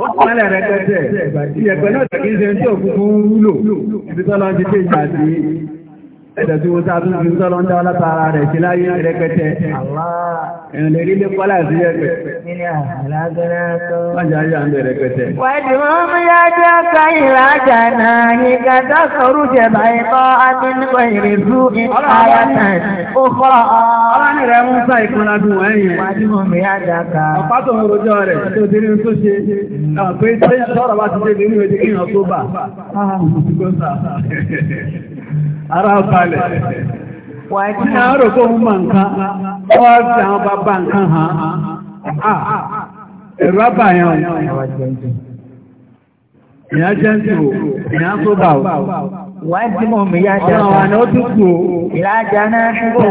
ó pálẹ̀ rẹ̀ tẹ́tẹ̀ ìyẹ̀pẹ̀ náà tẹ̀kí ṣe ń tí òkú fún wúlò ibi tọ́lá ti dé ìgbà sí ẹ̀dọ̀ tí wọ́n sáàtún fi sọ́lọ́ ń dáwọ́ látara rẹ̀ sí láyé rẹpẹtẹ ẹ̀rùn lè rí lè pọ́lá sí rẹpẹtẹ májáyà ń bẹ rẹpẹtẹ wàdìmọ́mú yá jẹ́ káyìlá jàná yíká dákọrù jẹ báyìí bọ́ amínúkọ̀ ìrìnlú ìpáyàtàn ó fọ́ ọ́rán rẹ̀ ń sá ìkúnra dùn ẹ̀yìn wàdìmọ́mú yá dáka ọ̀pá tó ń rojọ́ rẹ̀ tó ti rí tó ṣe pé sọ́rọ̀ bá ti dé nínú èdè kíyàn tó bà ah ara balẹ̀ ní àárò tó ń mọ̀ nǹkan wọ́n ti àwọn bàbá nǹkan hàn án ẹ̀rọ àbàyàn ìyá jẹ́ ń tò ìyá tó bà ó wọ́n tí mọ̀ mí yá jẹ́ ọ̀rọ̀ àná ó tún kù ó ìlàjà náà ṣúgbọ́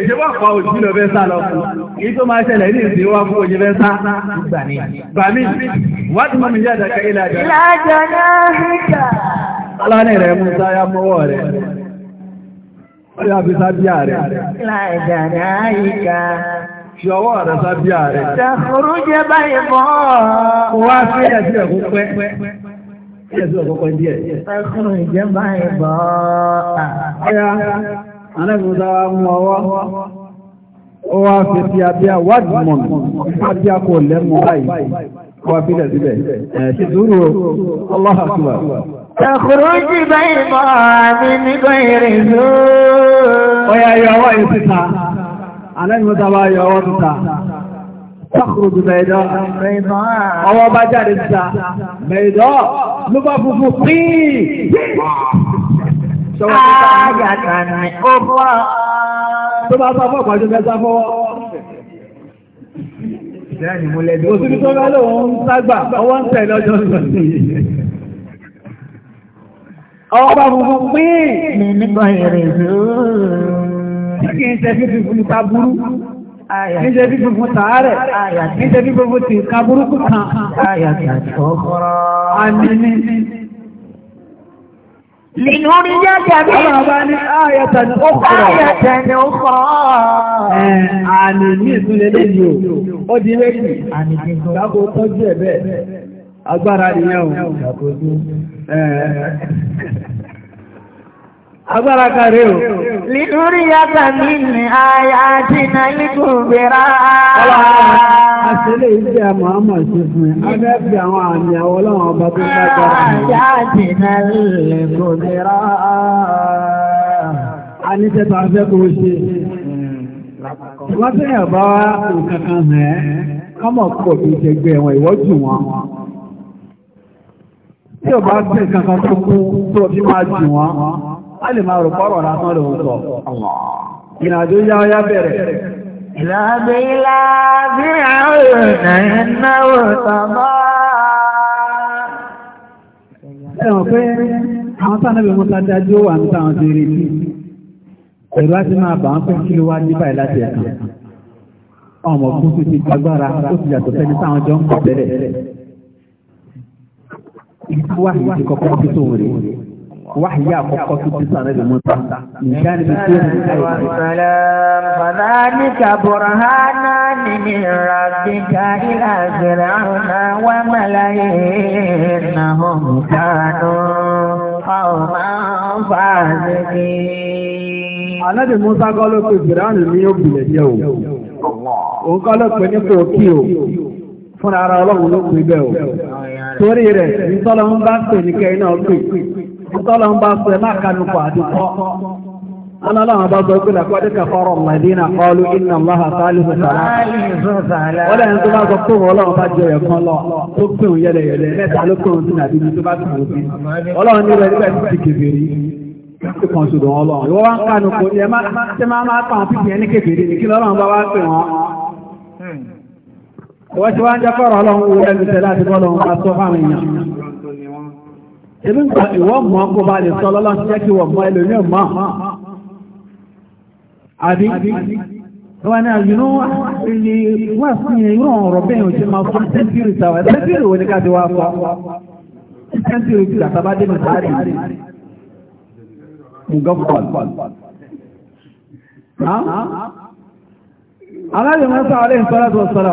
ìṣẹ́bọ̀ pa òjì lọ fẹ́ sá lọ fún èyí tó máa ṣẹlẹ̀ ní ìsìn wá fún òjì fẹ́ sá gbàmí wọ́n tí mọ̀ mí yá jẹ́ ìlàjà náà ṣúgbọ́ Aláàrin rẹ̀ mú sáyá mọ́wọ́ rẹ̀. Ọdí àfi sábíà rẹ̀. Láìjàdá ìka. Fi ọwọ́ rẹ̀ sábíà rẹ̀. Ṣàkúrú jẹ́ báyìí mọ́. Kò wá sí ẹ̀sí ẹ̀kú pẹ́. Ẹ̀sí ẹ̀kú pẹ́ díẹ̀. Ṣàkúrú jẹ́ báyìí mọ́. Ọya, àlẹ́kùn sáwá mú ọwọ́. Ó wá fi ti abíà wádìí mọ̀nù. Abíà تخرج بيضاء من غير ويا يوا يستا على المتابعة يوا تتا تخرج بيضاء بيضاء أو بجر السا بيضاء لباب فقي آية أخرى تبقى صفوك وجبة صفوك Ìjẹ́ ìmúlẹ̀ lóòrùn. Òṣìṣẹ́ tó bá lóòrùn ságbà, ọba gbogbo pé mi nípa èrè kí n ṣe fífi fún taburú kí n ṣe fífi fún tààrẹ kí n ṣe fífi fún ti kaburúkú kan àmìní Lìnúrí yá jàbí ọlọ́ọ̀bá ní ayata ni ó kọ̀rọ̀. Ayata ni ó Àmì ní ìtúlẹ̀ ó di àmì tọ́jú ẹ̀ bẹ́ẹ̀. agbára nìyẹn o agbára kàrí o lórí yàtà nínú àyà tí na ikú gbèrà àṣílẹ̀ ìṣẹ́ àmàmà ṣe fún ẹ abẹ́bẹ̀ àwọn àmì àwọn ọba tó lágbára àyà na ikú a ní tẹ́ta wọ́n tẹ́yà bá nǹkan kan rẹ̀ kọ́mọ̀ ìṣẹ́gbẹ̀ wọn ìwọ́jú wọn tí ọba gbé kankan tó kú tó fi máa jù wọ́n a lè máa rò pọ́rọ̀ lásán lòun sọ ìrìnàjò yá ọyá bẹ̀rẹ̀ ìlàbí ìlàbí àwọn pé àwọn tánàbí mọ́ta dájú wà ní báyìí wáyé ti kọ́kọ́ ti tó rè wáyé àkọ́kọ́ tó ti sàrẹ́ lè mọ́ta nìkan ni tó rè láìpẹ́. Fàdáàdì kàbọ̀rọ̀ ha náà ní ní ràbí ká ilà àgbẹ̀rẹ̀ àrùn náà wá màláyé náà hàn kánú. Àwọn máa ń fa àzẹ́kì. Aláde Musa kọ́ ló pe Fìránù ní òbílẹ̀ jẹ́ o. Òun kọ́ ló pe ní kò o. Fúnra ara ọlọ́run ló pe bẹ́ẹ̀ o. torí rẹ̀ ìtọ́lọ ń bá pè ní náà pè ń bá pè má bá sọ pé làkọ́dé kàfọ́rọ̀ mẹ́dínà kọlu iná wọ́n tó bá sọ pé wọ́n lọ́wọ́ bá jẹ ẹ̀kan lọ tó pè yẹlẹyẹlẹ mẹ́ta ló pè sí nàbí ní tó bá tún òfin ọlọ́run níbẹ̀ níbẹ̀ ti ọlọ́run ìwọ́n wá ń kánu kò ní ẹ fífi wọ́n ti wá ń jáfọ́rọ̀ ọlọ́run owó ẹgbẹ̀tẹ̀ láti bọ́ lọ́wọ́ bá tó fáwọn èèyàn ebi nǹkan ìwọ mọ̀ kó bá lè sọ lọ́lọ́run ti jẹ́ kí wọ́n mọ̀ ẹlòmí mọ̀ àbí wọ́n náà yìí ní ah, wọ́n sí ní irú ọ̀rọ̀ bẹ́ẹ̀ ò ṣe máa fún sẹ́ńtírì sáwọ́ sẹ́ńtírì wo ni ká ti wá fọ́ sẹ́ńtírì ti làtàbá dé mẹ́tàárì nǹkan pọ̀ aláàbí mọ́sá alẹ́ ìsọ́lá tó sọ́lá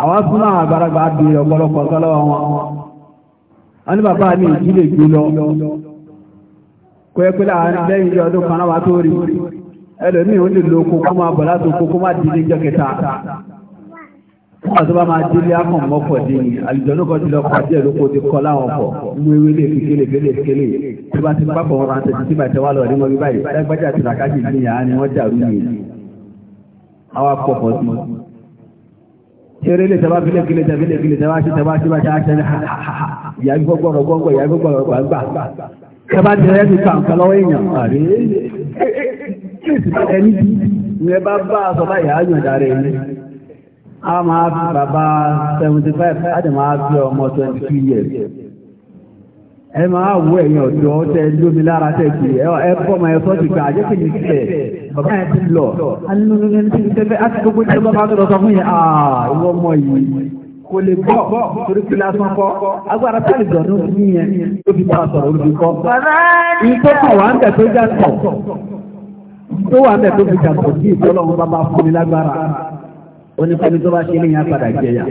àwọn súnmọ́ àwọn àgbàlagbà bèèrè ọ̀pọ̀lọpọ̀ sọ́lọ́wọ́ wọn wọ́n ní bàbá ní ìdílé gbé lọ kó ẹ pé láàárín lẹ́yìn ilé ọdún kan láwá tó rí ẹlòmíì ó lè lo oko kó máa bọ̀ láti oko kó má dílé jọ kẹta wọ́n tó bá máa dílé mọ́ ni wọ́n dàrú nìyẹn àwọn akọ̀pọ̀ ṣeré lè tẹ́bá fílẹ̀ kílẹ̀ tẹ́bílẹ̀ kílẹ̀ tẹ́bá ṣe tẹ́bá ṣe bá àṣẹ ìyá gbọ́gbọ́rọ̀ gbọ́gbọ́ ìyá gbọ́gbọ́rọ̀ gbàgbà tẹ́bá ti rẹ́ ti kàǹkà lọ́wọ́ èèyàn àrí ẹni bí ní bá bá a sọ bá ìyá yàn dáre ní a máa fi bàbá 75 a dẹ̀ máa fi ọmọ 22 years ẹ máa wọ ẹ̀yìn ọ̀dọ́ tẹ lómi lára tẹ̀ kiri ẹ bọ́ ma ẹ sọ́ ti gbà àjẹ́kìnyí sílẹ̀ bàbá yẹn ti lọ alùpùpù ní ti tẹ́fẹ́ àti gbogbo ní ọgbà máa tọ̀rọ̀ sọ fún yẹn àà ah, ìwọ ọmọ yìí kò lè gbọ́ torí pé lásán kọ́ agbára tá lè dọ̀nù ní yẹn tó fi bá a sọ̀rọ̀ olùdí kọ́. ìtọ́kọ̀ wà ń tẹ̀ tó já tọ̀ tó wà ń tẹ̀ tó fi jà tọ̀ sí ìtọ́lọ́run bá bá fún mi lágbára onípẹ́ni tó bá ṣe ní yẹn padà jẹyà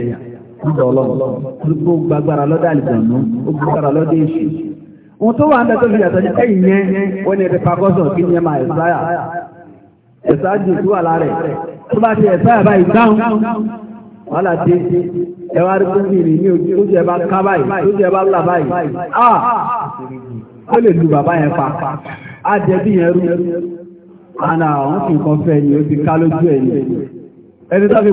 nígbà ọlọ́run gbogbo gbàgbára lọ́dọ̀ àlìjọ̀nù ó gbàgbára lọ́dọ̀ èṣù. ohun tó wà ń tẹ̀ tó fi jà tọ̀ sí ẹ̀yìn yẹn wọ́n ni ẹ̀ ẹ̀sà jù ala wà lára ẹ̀ tó bá ti ẹ̀sà ẹ̀bá ìdáhùn ẹwà ní ojú ojú ẹ̀bá ká báyìí ojú ẹ̀bá là báyìí à ah! ó lè lu bàbá yẹn pa á dẹbí yẹn rú àná àwọn kì í kan fẹ́ ni ó ti ká lójú ẹ̀ ẹni tó fi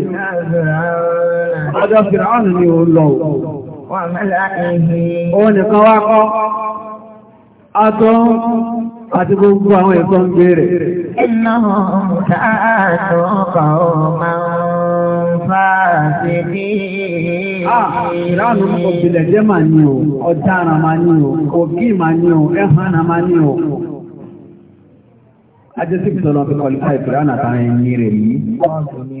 ọjọ́ ọ̀dọ̀ ni ó lọ wà mẹ́lá atọ nìkan wá kọ́ àti gbogbo àwọn ẹ̀kọ́ ń gbèrè iná tààtọ́ kọ̀ máa ń fàáfì bí ìrànú òbílẹ̀ jẹ́ máa ní o ọ̀daràn máa máa ní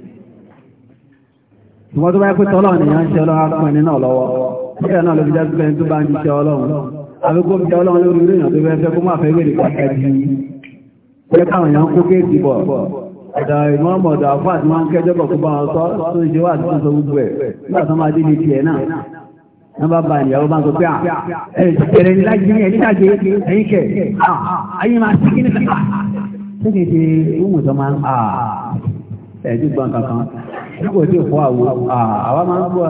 ṣùgbọ́n tó bá yẹ pé tọ́lọ́ nìyàn ń ṣe ọlọ́run apẹ́ nínú lọ́wọ́ bẹ́ẹ̀ náà ló fi jásí pẹ́ni tó bá ń jíṣẹ́ ọlọ́run àbíkó fi ọlọ́run lórí orí èèyàn tó fẹ́ fẹ́ kó máa fẹ́ wèrè pàtàkì yìí pé káwọn èèyàn kó kéèkì bọ̀ ọ̀dà ìmọ̀ọ́mọ̀ ọ̀dà àfáà tí wọ́n ń kẹ́jọ́ bọ̀ kó bá wọn sọ tó ń ṣe wà tó ń sọ gbogbo ẹ̀ nígbà tó máa dé ní tiẹ̀ náà wọ́n bá ba ìyàwó bá ń sọ pé à ẹ̀yìn tẹ̀rẹ̀ ní lájú ní ẹ̀yìn lájú ẹ̀yìn kẹ̀ ayé máa sí kí ní kàkà. ṣé kìí ṣe ohun ìtọ́ máa ń ẹ̀ẹ́dì gbọ́n kankan bí kò sí ìfọ́ àwọ̀ àwa máa ń gbọ́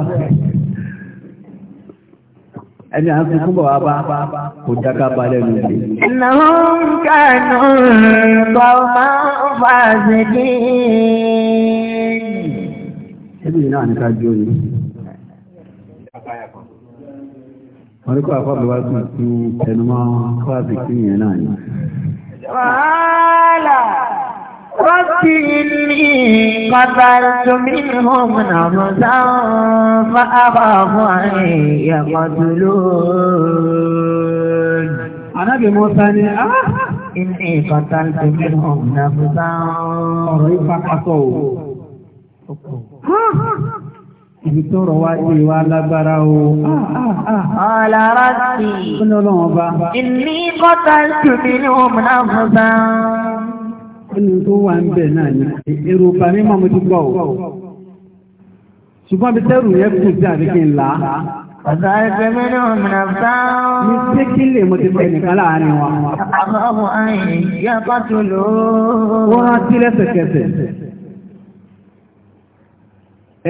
ẹni à ń fi kúbọ̀ wá bá kò dáká bá lẹ́nu ìlú. Ìnáwó ń kànú ìgbà máa ń fà sí kí. Ẹbí náà ní ká jó ni. Wọ́n ní kó àkọ́bẹ̀ wá sí ẹnu máa ń fà sí kí yẹn náà ni. Wàhálà. رب إني قتلت منهم نفسا فأخاف أن يقتلون Ànábì Mùsá ni, "Ah, inú ìkọta ti mú ọ̀nà fúta ọ̀rọ̀ ìfàkàtọ̀ òkú." Ibi tó rọ̀ wá sí ìwà lágbára o. Ọ̀lára sí. Ó ní ọlọ́run ọba. Inú ìkọta ti mú ọ̀nà fúta ẹni tó wà ń bẹ̀ náà ni èrò ọ̀pá mímọ́ mo ti gbọ́ ò ṣùgbọ́n bí tẹ́rù yẹn kù sí àríkín là á. Ọ̀sà ẹgbẹ́ mẹ́rin òmìnira sáà. Mi ṣé kí lè mo ti fẹ́ nìkan láàárín wa. Àbáwọ̀ àyìn yá bá tó lò ó. Wọ́n rántí lẹ́sẹ̀kẹsẹ̀.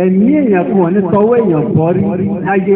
Ẹ̀mí èèyàn kan ní sọ́wọ́ èèyàn bọ́ rí láyé.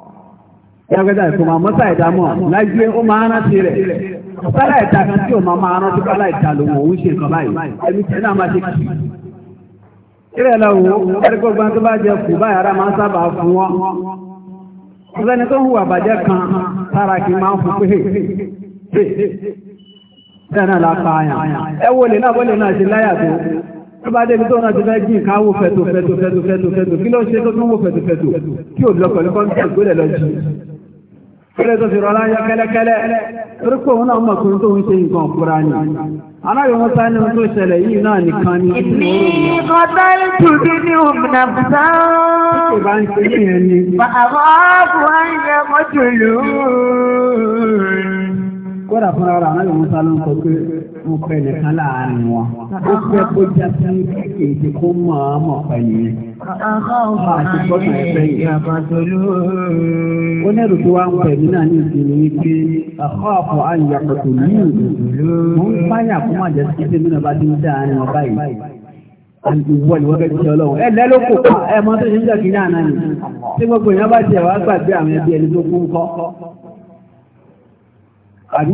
Yàgbẹ́dà ìfòmọ̀ àmọ́sà ìdámọ̀ láìgbé ó máa rántí rẹ̀. Sálà ìta kan tí ò máa máa rántí bá láìta lòun òun ṣe nǹkan báyìí. Ẹni tẹ́ náà máa ṣe kìí. Kílẹ̀ lọ wo, ẹ̀ríkó gbọ́n tó bá jẹ kù báyìí ara máa ń sábà fún wọn. Ọ̀sẹ́ni tó ń hùwà bàjẹ́ kan tára kì máa ń fún pé Tẹ́nà la pa àyàn. Ẹ wo lè náà bọ́lẹ̀ náà ṣe láyà tó. Tó bá débi tó náà ti fẹ́ jí nǹkan wò fẹ̀tò fẹ̀tò fẹ̀tò fẹ̀tò fẹ̀tò kí ló ṣe tó tún wò fẹ̀tò fẹ̀tò kí ò lọ pẹ̀lú kọ́ńtà ìgbélẹ̀ lọ jù. Kílé tó fi rọlá yọ kẹ́lẹ́kẹ́lẹ́, torí pé òun náà mọ̀ kí n tó ń ṣe nǹkan fúra ni. Aláyọ̀ wọn sáré ohun tó ṣẹlẹ̀ yìí náà nìkan ni. Ìní ọ̀tá ìtùbí ní òmìnà bùtá. Kí bá ń ṣe ní ẹni. Bàbá ààbò ayẹ mọ́tò lòó. Kódà fúnra rẹ̀ aláyọ̀ wọn sáré ń sọ pé mo pẹ́ nìkan láàrin wọn. ó fẹ́ kó já sí kéèké kó mọ̀ ọ́ mọ̀ pẹ́ nìyẹn. Àwọn àtìgbọ́nà ẹ̀fẹ́ yìí. Onẹ́rù tó wá ń pẹ̀ mí náà ní ìsinmi ní pé ọ̀pọ̀ ayọ̀pọ̀tò ní ìlú. Mo ń fáyà fún àjẹ́ sí pé mínà bá ti ń dá àárín ọba yìí. Ìwọ ni wọ́n fẹ́ jẹ́ ọlọ́run. Ẹ lẹ́ ló kò pa ẹ mọ́ tó ṣe ń jọ̀kí náà náà ni. Tí gbogbo èèyàn bá tiẹ̀ wá gbàgbé àwọn ẹbí ẹni tó kú ń kọ́. Àbí?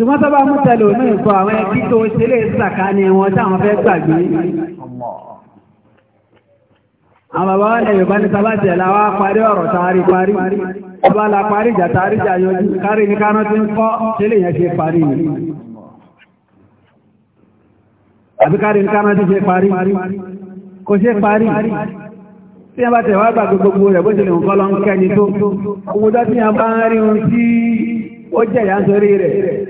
ṣùgbọ́n tó bá mú tẹ̀lé òní nǹkan àwọn ẹbí tó ṣe lè ni wọn táwọn fẹ́ gbàgbé. àwọn bàbá wọn lè yorùbá ní sábàtì ẹ̀ làwọn parí ọ̀rọ̀ taari parí ọba la parí ìjà taari ìjà yọjú kárí ní káná ti ń kọ́ ṣe lè yẹn ṣe parí ni. àbí kárí ní káná ti ṣe parí kò ṣe parí tí wọ́n bá tẹ̀ wá gbàgbé gbogbo rẹ̀ bó ṣe lè ń lọ ń kẹ́ni tó owó dá tí bá ń rí ohun tí ó jẹ̀yà ń sórí rẹ̀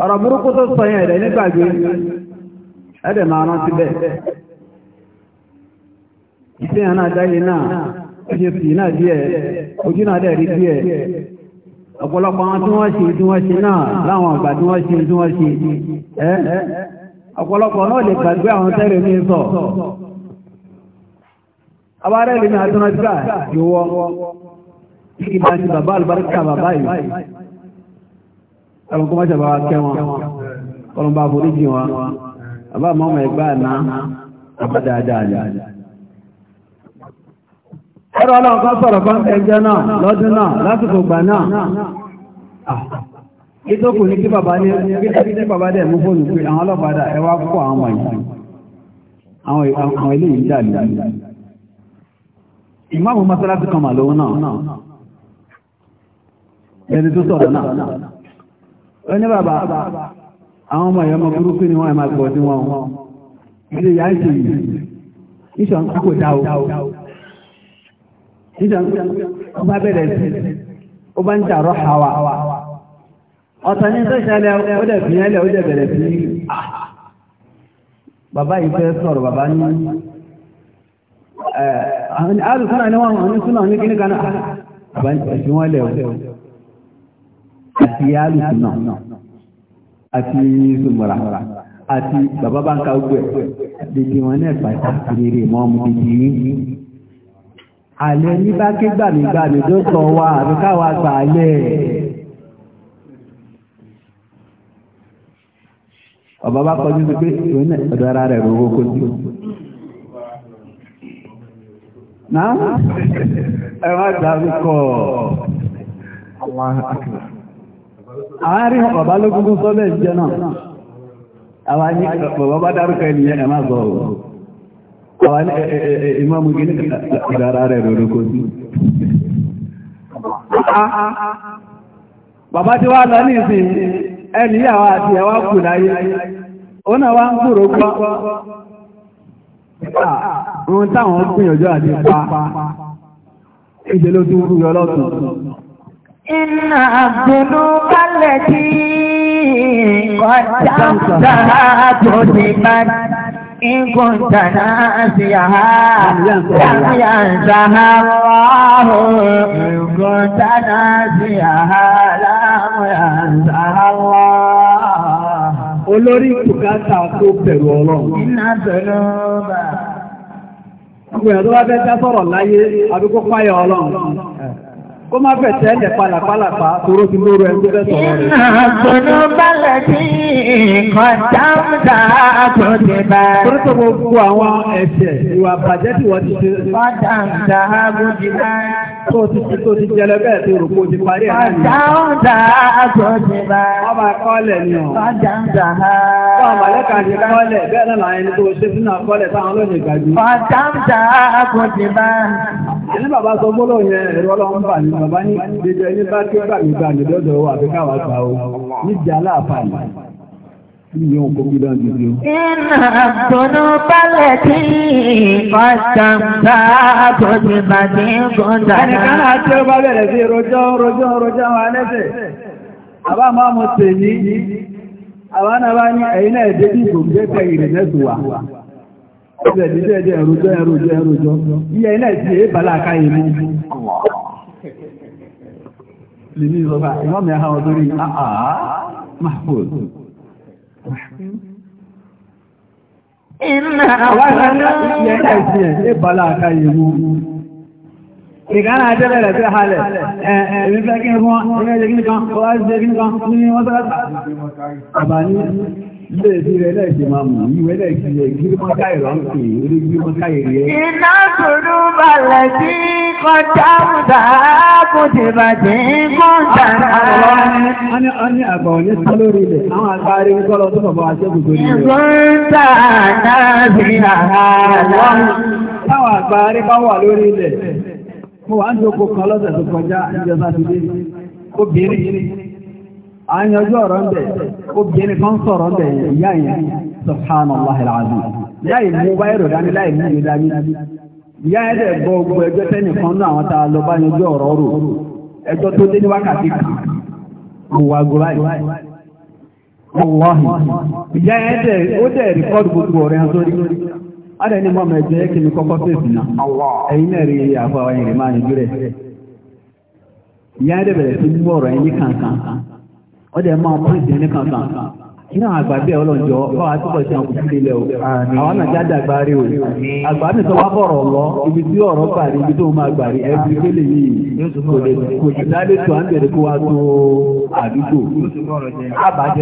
ọ̀rọ̀ burúkú tó sọ yẹn ẹ̀dẹ̀ nígbàgbé ẹ̀dẹ̀ máa rántí bẹ́ẹ̀ ìsẹ́ yẹn náà dáyé náà ó ṣe sì náà díẹ̀ ojú náà dẹ̀ rí díẹ̀ ọ̀pọ̀lọpọ̀ àwọn tí wọ́n ṣe tí wọ́n ṣe náà láwọn ọ̀gbà tí wọ́n ṣe tí wọ́n ṣe ẹ́ ọ̀pọ̀lọpọ̀ náà lè gbàgbé àwọn tẹ́rẹ̀ mi sọ abárẹ́ lè ní àtúnájú ẹ̀rùn kó mọ́ṣẹ̀ bá wa kẹ́ wọn ọlọ́n bá forí jì wọn àbá mọ́mọ́ ẹgbà náà àbá dáadáa ni. ẹ̀rọ ọlọ́run kan sọ̀rọ̀ kan ẹjọ́ náà lọ́dún náà lásìkò gbà náà ìtókù ní kí bàbá ní kí bàbá dẹ̀ mú fóònù pé àwọn ọlọ́pàá dà ẹ wá kó àwọn ọmọ yìí àwọn ilé yìí dàlú ìmáàmù mọ́sálásí kan mà náà ẹni tó sọ̀rọ̀ náà onye ní bàbá àwọn ọmọ ìyọmọ burúkú ni wọ́n máa gbọ́ sí wọn ilé ìyá ìṣe yìí ìṣọ̀ ń kókò dá o bá bẹ̀rẹ̀ sí ó bá ń jà rọ́ àwà ọ̀tọ̀ ní tó ṣẹlẹ̀ ó dẹ̀ fi yẹn ó dẹ̀ bẹ̀rẹ̀ sí bàbá yìí fẹ́ sọ̀rọ̀ bàbá ní ní súnà ní kíníkaná àti yálùkù náà àti zumura àti bàbá bá ń ka gbẹ dèdè wọn náà pàtà rere mọ́ ọmọ dèdè yìí àlẹ́ ní bá ké gbàmìgbàmì tó sọ wa àbí káwa gbà alẹ́ ọba bá kọjú sí pé ìwé náà ọ̀dọ̀ ara rẹ̀ rò kó sí. náà ẹ má dàbí kọ́ ọ́. Allah akbar àárín ọ̀bá lógúngún sọ́bẹ̀ jẹ́ náà àwọn ní bàbá bá dárúkọ ènìyàn ẹ̀má sọ ọ̀rọ̀ àwọn ní ìmọ̀mù gíní ìdára rẹ̀ lórúkọ sí bàbá tí wá lọ ní ìsìn ẹni àwọn àti ẹwà kù láyé ó náà wá ń kúrò gbọ́ ohun táwọn gbìyànjú àti pa ìdélótún kúrò ọlọ́tún Iná àbúrú balẹ̀ tí kọjá sáà tó ti bá ìgùn tàná sí àhá láàrín àṣàhá wáhù ìgùn tàná sí àhá láàrín àṣàhá wáhù. Olórí ìtùkátà tó bẹ̀rù ọlọ́run. Iná bẹ̀rù bàbá. Ọgbẹ̀rún tó wá fẹ́ dá sọ̀rọ̀ láyé àbíkó páyà ọlọ́run kó má fẹ̀ tẹ́lẹ̀ pàlàpàlàpà tóró ti lóró ẹgbẹ́ bẹ́sọ̀ rẹ̀. àgbọ̀nà balẹ̀ tí kọ̀dáńdà tó ti bá. torí tó gbogbo àwọn ẹ̀ṣẹ̀ ìwà bàjẹ́ tí wọ́n ti ṣe. kọ̀dáńdà tó ti bá. tó ti ti tó ti jẹlẹ bẹ́ẹ̀ tó rò kó ti parí ẹ̀ náà. kọ̀dáńdà tó ti bá. wọ́n máa kọ́lẹ̀ ni ọ̀. kọ̀dáńdà. wọ́n àmàlẹ́kà ti kọ́lẹ̀ bẹ́ẹ̀ náà láyé ní tó ṣe sínú àkọ́lẹ̀ táwọn lónìí gbàgbé. kọ̀dáńdà tó ti bá. ìní bàbá sọ gbólóhùn yẹn ẹ̀rọ ọlọ́run bà nínú bàbá ní gbẹjọ ilé bá ké gbà mí gbà mí lọ́dọ̀ wa àbíká wa gbà o níjà aláàfà yìí. Ní ìyẹn òkú gbígbà ní ìdí o. Iná àbùnú balẹ̀ tí ọ̀sán bá bòjú bá ní gbọ́dọ̀. Ẹnìkan náà tí ó bá bẹ̀rẹ̀ sí rojọ́ rojọ́ rojọ́ àwọn alẹ́sẹ̀. Àbá máa mọ̀ sèyí. Àwa náà bá ní ẹ̀yin náà àkáyé mú lèmi ìsọba ìmọ̀mí àwọn torí àà ah, ah, mahfuz Iná àwọn ìrìnà ìgbàna àjẹ́bẹ̀rẹ̀ tí a halẹ̀ ẹ̀ẹ̀mí fẹ́ kí wọ́n ilé ẹjẹ́ kí nìkan wọ́n á jẹ́ kí nìkan ní Ilé ìdí rẹ̀ náà ṣe máa mọ̀, ìwé náà ṣe lè gírí mọ́ká ìrọ̀ǹkì, orí gírí mọ́ká ìrì ẹ̀. Iná sùúrù balẹ̀ sí kọjá mùdà, kò ti bàjẹ́ kọ́ńtà náà. Wọ́n ní àgbà òní sọ lórí ilẹ̀, àwọn agbárí ń kọ́lọ́ tó bàbá aṣẹ́gun tó ní ilẹ̀. Ìgbóńtà náà sí àhàlà. Táwọn agbárí bá wà lórí ilẹ̀, mo wà ń dókò kan lọ́sẹ̀ tó kọjá ìjọba ti dé, obìnrin àyàn ojú ọ̀rọ̀ ń bẹ̀ obìnrin kan sọ̀rọ̀ ń bẹ̀ ìyá yẹn subhanallah alazim láì mú báyìí dání láì mú dání ìyá yẹn dẹ̀ gbọ́ gbogbo ẹjọ́ tẹ́nìkan náà àwọn tá a lọ bá yan ojú ọ̀rọ̀ rò ẹjọ́ tó dé ní wákàtí kan ìyá dẹ̀ bẹ̀rẹ̀ sí mú ọ̀rọ̀ ní kankan. wọ́n dẹ máa pọ́n ìdí ní kankan iná àgbàdé ọlọ́njọ́ báwa tí wọ́n ti àwọn òṣìṣẹ́ ilẹ̀ àwọn nàìjà dàgbà o sọ wá bọ̀rọ̀ lọ ibi tí ọ̀rọ̀ ibi tó máa ẹbí tó lè kò lè kò sì tó à ń bẹ̀rẹ̀ kó tó àdúgbò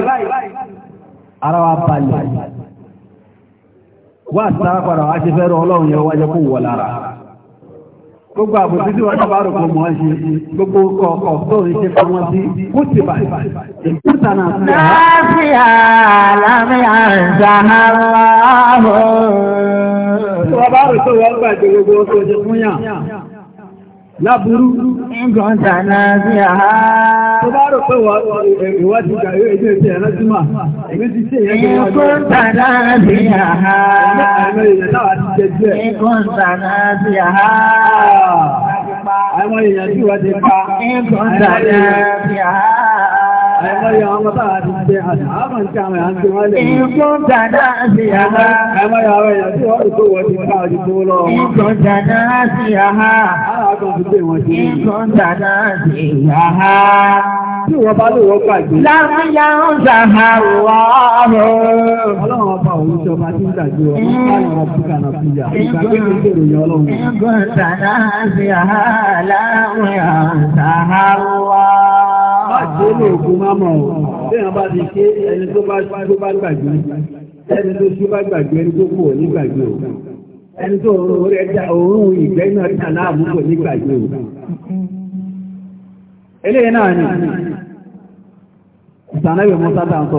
sí i. gbogbo ọ̀rọ̀ wá sáàpàdà wá ṣe fẹ́rọ ọlọ́run yẹn wájẹ́ kó wọ lára gbogbo àbòsí tí wọ́n dábàá rògbò mọ́ ṣe gbogbo ọkọ̀ tó ń ṣe fún wọn sí kó ti bà ìkúta náà sí ọ̀há. láti àlàmì àǹsà láburú nǹkan tàná sí àhá. Tó bá rò pé ìwádìí kàrí ẹgbẹ́ ìṣẹ́ ẹ̀rọ́júmà, èmi ti ṣe ìyẹ́gbẹ́ ìwádìí. Nǹkan sí àhá. Àwọn èèyàn náà ti jẹ jẹ́. Nǹkan tàná sí àhá. Àìmọ́yọ̀ ọmọ táà ti jẹ́ àdáàmà ń tí àwọn èèyàn ti wọ́n lè. Ìkún dàdá sí àhá. Àìmọ́yọ̀ àwọn èèyàn tí wọ́n tó wọ́n ti ká ojú tó lọ. Ìkún dàdá sí àhá. Aláàkọ̀ ti gbé wọn sí. Ìkún dàdá sí àhá. Tí wọ́n bá lè wọ́n gbàgbé. Láfíyà ń sàhà wọ́ Ọlọ́run ọba òun tí ọba ti ń dàjú ọmọ láàrin ọmọ bùkà náà fi yà. Ìgbàgbé àti ilé ògùn máa mọ̀ bẹ́ẹ̀ bá ti ṣe ẹni tó bá gbàgbé ẹni tó ṣú ní gbàgbé o ẹni tó orí ìgbẹ́ náà dà láàmú kò ní gbàgbé o. eléyìí náà ni ìsànàbì mọ́sá dà ń sọ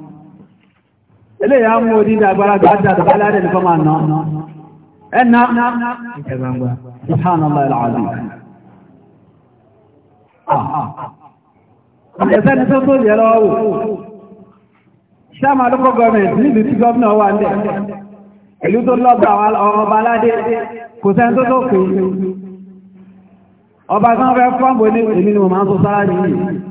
ilé ya mú orí dàgbàrá gbájá tó bálá rẹ̀ nìkan máa ná ẹ̀nà subhanallah alazim ah, ah. ẹ̀sẹ́ ni tó tó yẹ lọ́wọ́ sáàmà lókọ́ gọọmẹ̀ntì níbi tí gọ́ọ̀nà wà ń dẹ̀ ìlú tó lọ́gbà ọba aládé kò sẹ́ni tó tó kù ọba kan fẹ́ fọ́nbó ní èmi ni mo máa ń sọ sára nìyí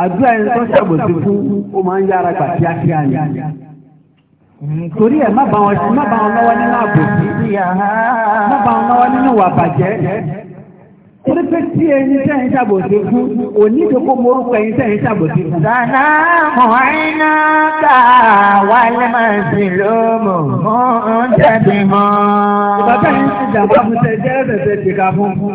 àdúrà ẹni tó ṣàbòsí fún ó máa ń yára gbà kíákíá ni torí ẹ má bá wọn má bá wọn lọ́wọ́ nínú àbòsí má bá wọn lọ́wọ́ nínú ìwà bàjẹ́ torí pé tí ẹni tẹ́ ń ṣàbòsí fún onídokó morúkọ ẹni tẹ́ ń ṣàbòsí fún. sànà mọ̀ọ́nà ká wálé máa sì lómù tẹ̀lé mọ́. ìbátan yìí ti jàmbá fún tẹ jẹ́rẹ́ tẹ̀tẹ̀ tìka fún fún.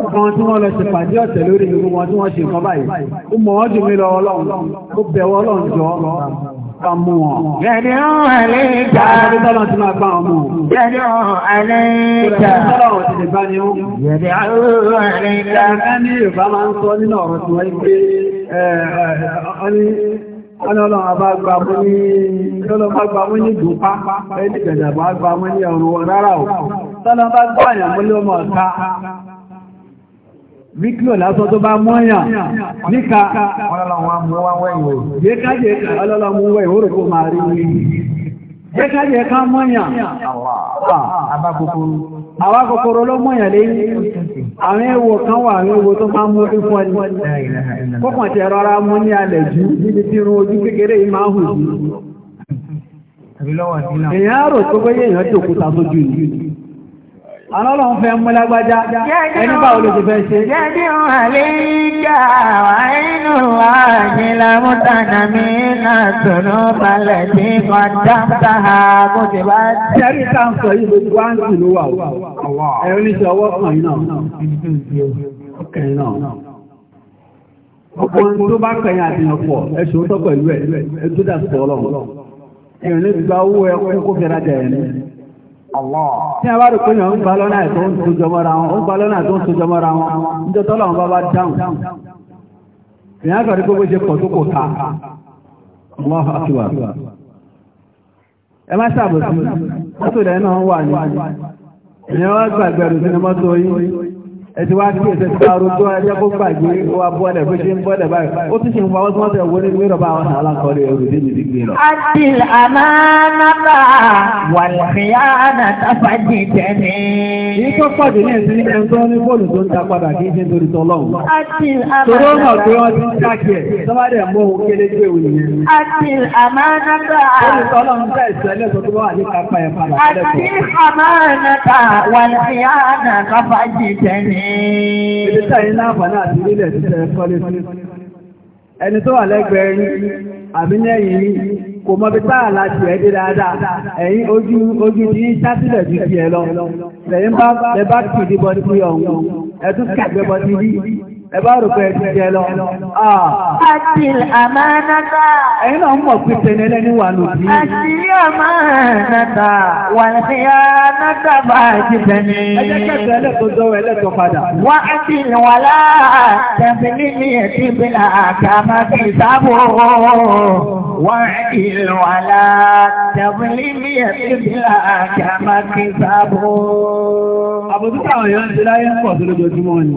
Ọkàn tí wọ́n lọ ṣe pàdé ọ̀tẹ̀ lórí ìlú wọn tí wọ́n ṣe nǹkan báyìí. Ó mọ̀ wọ́n jù mí lọ ọlọ́run, ó bẹ̀wọ́ ọlọ́run jọ bá mú wọn. Gẹ̀dẹ̀ ọ̀hún àlẹ́ìjà. Gẹ̀dẹ̀ ọ̀hún ti máa gbá ọmọ. Gẹ̀dẹ̀ ọ̀hún àlẹ́ìjà. Gẹ̀dẹ̀ ọ̀hún ti lè bá ní ó. Gẹ̀dẹ̀ ọ̀hún àlẹ́ìjà. Ẹni Yorùbá máa ń sọ nínú ọ̀rọ̀ tí wọ́n ń gbé ọlọ́run àbágbàmú ní ọlọ́gbàmú ní gùnpá ẹni gẹ̀dẹ̀ àbágbàmú ní ọ̀rùn rárá ò. Tọ́lọ́ bá gbọ́ àyàmúlé ọmọ ọ̀ta Bíkílò lásán tó bá mọ́yàn níka yékájẹ́ká ọlọ́lọ́mú wẹ́ ìwòrò kó máa rí rí. Yékájẹ́ká mọ́yàn àwa kòkòrò ló mọ́yàn lé àwọn ewo kan wà àwọn ewo tó máa mú ìfọ́ ní kọ́kàn tẹ rọra mú ní alẹ̀ jù níbi tí irun ojú kékeré yìí máa hù jù. Èèyàn rò tó bóyé èèyàn tó kúta sójú yìí àwọn ọlọ́run fẹ́ mú lágbájá ẹni bá olóòtú fẹ́ ṣe. jẹ́bí wọn àlè ìjà wà nínú àjìnlá mútànà mi náà tònú balẹ̀ tí kan dáńtà ha bó ti bá jẹ́. jẹ́rí tá ń sọ yìí gbogbo áńtì ló wà ó ẹ̀rọ níṣẹ́ ọwọ́ kan yìí náà kẹ̀yìn náà. ọkùnrin tó bá kẹ̀yìn àtìyàn pọ̀ ẹ̀ṣọ́ tọ́ pẹ̀lú ẹ̀ ẹ̀ tó dà sọ ọlọ́run. ẹ̀rọ níbi gba owó ẹ̀kọ́ kó fẹ́ra jẹ̀ ẹ̀ tí a bá rí pínyàn ń tó ń wọn ó balọ́nà tó ń tójọmọ́ra wọn ń tọ́lọ̀ wọn bá bá dáhùn ìyá kàrí ṣe pọ̀ tó kò ká Allahu akbar ẹ má ṣàbòsí mọ́tò rẹ̀ náà wà ní wá gbàgbẹ̀rù mọ́tò yìí ẹ̀tí wá kí èsẹ̀ ti parun tó ẹjẹ́ kó gbàgbé wa bọ́lẹ̀ bó ṣe ń bọ́lẹ̀ báyìí ó ti ṣe ń fọwọ́ tí wọ́n tẹ̀ wọ́n ní wíwọ́n bá wọn alákọ̀ọ́lẹ̀ ẹrù sí ìdí gbé lọ. adil amanaba wàlùfíà nàtàfàjì tẹ̀lé. yìí tó pàdé ní ẹ̀sìn ẹni tó ní bọ́ọ̀lù tó ń ta padà kì í ṣe nítorí tọ́lọ́hùn. adil amanaba ti ń dákẹ́ sọ́wádẹ̀ tó tó wà ní kápá ẹ̀ padà. adil Ìdíta yìí láǹfààní àti ilẹ̀ títẹ̀ kọ́lé. Ẹni tó wà lẹ́gbẹ̀ẹ́ yín àbí lẹ́yìn yín kò mọ táà láti ẹ̀ dáadáa. ojú ojú ti ń ju lọ. Lẹ́yìn bá ọ̀hún. Ẹ̀tún rí. ẹ bá rò pé ẹ ti jẹ lọ. Àti àmánátà. Ẹ̀yin náà ń mọ̀ pé tẹ̀lé ẹlẹ́ni wà lòdì. Àti àmánátà wà ní ànátà bá ti tẹ̀lé. Ẹ jẹ́ kẹ́kẹ́ ẹlẹ́tọ̀ dọ́wọ́ ẹlẹ́tọ̀ padà. Wà á ti wà láà tẹ̀lé ní ẹ̀sìn ìbílẹ̀ àkàmà ti sábò. Wà á ti wà láà tẹ̀lé ní ẹ̀sìn ìbílẹ̀ àkàmà ti sábò. Àbòtútà àwọn èèyàn ti láyé ń pọ̀ sí lójoojúmọ́ ni.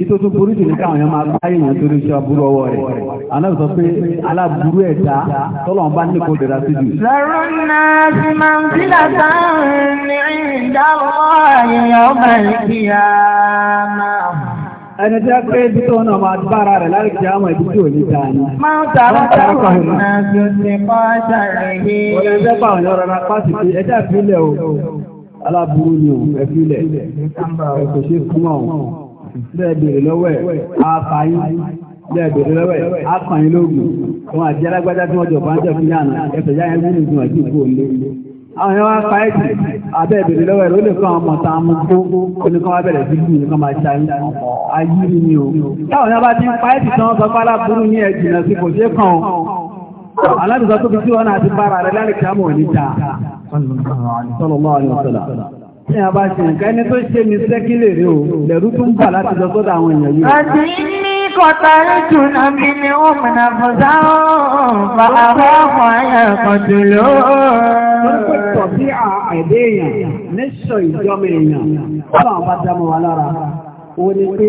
ìtò tó burú jù ní káwọn èèyàn máa bá èèyàn torí iṣẹ́ aburú ọwọ́ rẹ̀ anáà sọ pé aláburú ẹ̀dá tọ́lọ̀ ń bá ní kò sí jù. lọ́rọ̀ náà ti máa ń fi làtà ní ìdáwọ́ àyẹ̀yẹ̀ ọmọ ìkìyà máa. ẹni tí a pé ibi náà máa bára rẹ̀ láì kí àwọn ibi tí ò ní dáa ni. máa ń ta àwọn ọmọ náà tí ó ti kọ́ ṣàrẹ̀yé. ọ̀rẹ́ ẹgbẹ́ àwọn ọ̀rọ̀ lẹ́ẹ̀bẹ̀rẹ̀ lọ́wọ́ ẹ̀ àfààyí lẹ́ẹ̀bẹ̀rẹ̀ lọ́wọ́ ẹ̀ àkànyìn lóògùn wọn àti alágbádá tí wọ́n jọ bá ń jẹ́ fún yàrá ẹ̀fẹ̀ yáyẹn nínú ìgbìmọ̀ ìjú ìgbò òní àwọn yẹn wá fa abẹ́ẹ̀bẹ̀rẹ̀ lọ́wọ́ ẹ̀ ló lè fún àwọn ọmọ tá a mú kó oníkan wá bẹ̀rẹ̀ sí bí nǹkan máa ṣayé ayé ni o táwọn yẹn bá ti ń fa ẹ̀jì tán sọ fálá burú ní ẹ̀jì náà sí kò ṣeé kàn ó alábìsọ tóbi tí wọn náà ti bára rẹ lálẹ́ kí á mọ̀ níta sọlọ́mọ́ àlùfẹ́lá tí a bá ṣe nǹkan ẹni tó ṣe ní sẹ́kílè rí o lẹ̀rú tó bà láti lọ sọ́dọ̀ àwọn èèyàn yìí. àti ní kọtàrí jùlọ bí ni ó mìíràn fún sáwọn fàáfà ọmọ ayẹ kọjú ló. wọ́n pè tọ̀ sí àìdé èèyàn níṣọ ìjọba èèyàn ọlọ́run bá dá mọ́ wa lára ó ní pé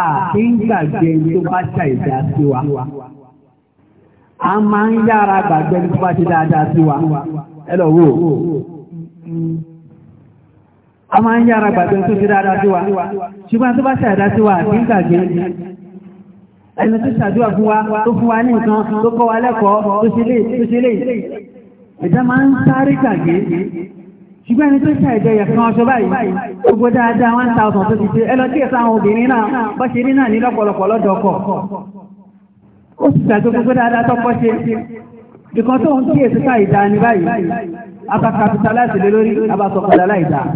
a kì í gbàgbé tó bá ṣàìdá sí wa. a máa ń yára gbàgbé tó bá ṣe dáadáa sí wa. ẹ lọ wo. Mm a máa ń yára gbàgbé tó fi dáadáa sí wa ṣùgbọ́n tó bá ṣàdá sí wa àti ìgbàgbé ẹni tó ṣàdúrà fún wa tó fún wa ní nǹkan tó kọ́ wa lẹ́kọ̀ọ́ tó ṣe lè tó ṣe lè ẹ̀dá máa ń sáré gbàgbé ṣùgbọ́n ẹni tó ṣàìjẹ yẹ̀ kan ọṣọ báyìí gbogbo dáadáa one thousand tó ti ṣe ẹ lọ sí ẹ̀sán àwọn obìnrin náà bọ́ ṣe rí náà ní lọ́pọ̀lọpọ̀ lọ́dọ̀ ọkọ̀ ó sì gbàgbé gbogbo dáadáa tọ́pọ̀ ṣe ìkan tó ń kíyèsí ká ìdá ni báyìí abakapitalaisi lé lórí abasọ̀kọ̀dá láìdáa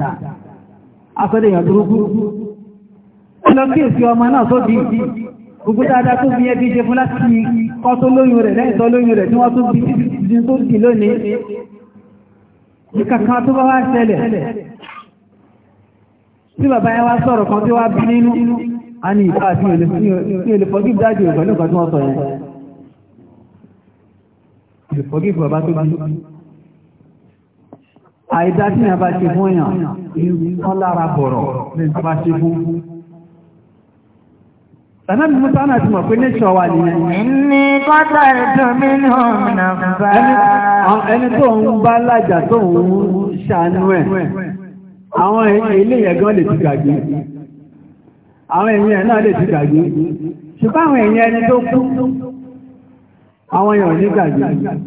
asọ́dẹ̀ èèyàn burúkú lọ kí èsì ọmọ náà tó bí gbogbo dáadáa tó fi yẹ́ bí ṣe fún láti kọ́ tó lóyún rẹ̀ lẹ́yìn tó lóyún rẹ̀ tí wọ́n tó bí jí tó dì lónìí ìkàkan tó bá wá ṣẹlẹ̀ tí bàbá yẹn wá sọ̀rọ̀ kan tí wá bí nínú a ní ìfà àti ìlẹ̀fọ́gí dájú ìgbẹ̀lú ìgbà tí wọ́n sọ yẹn àìdá tí yàn bá ṣe fún èèyàn ìwọ̀n lára bọ̀rọ̀ bá ṣe fún Ẹ̀nàbí mú tánà ti mọ̀ pé ní ṣọ́wà nìyẹn. Ní kọ́tà ìdúnmí náà nàbà. Ẹni tó ń bá lájà tó ń ṣàánú ẹ̀. Àwọn ilé ẹ̀gán lè ti gàgbé. èèyàn náà lè ti gàgbé. Ṣùgbọ́n àwọn èèyàn ẹni tó kú. Àwọn èèyàn ní gàgbé.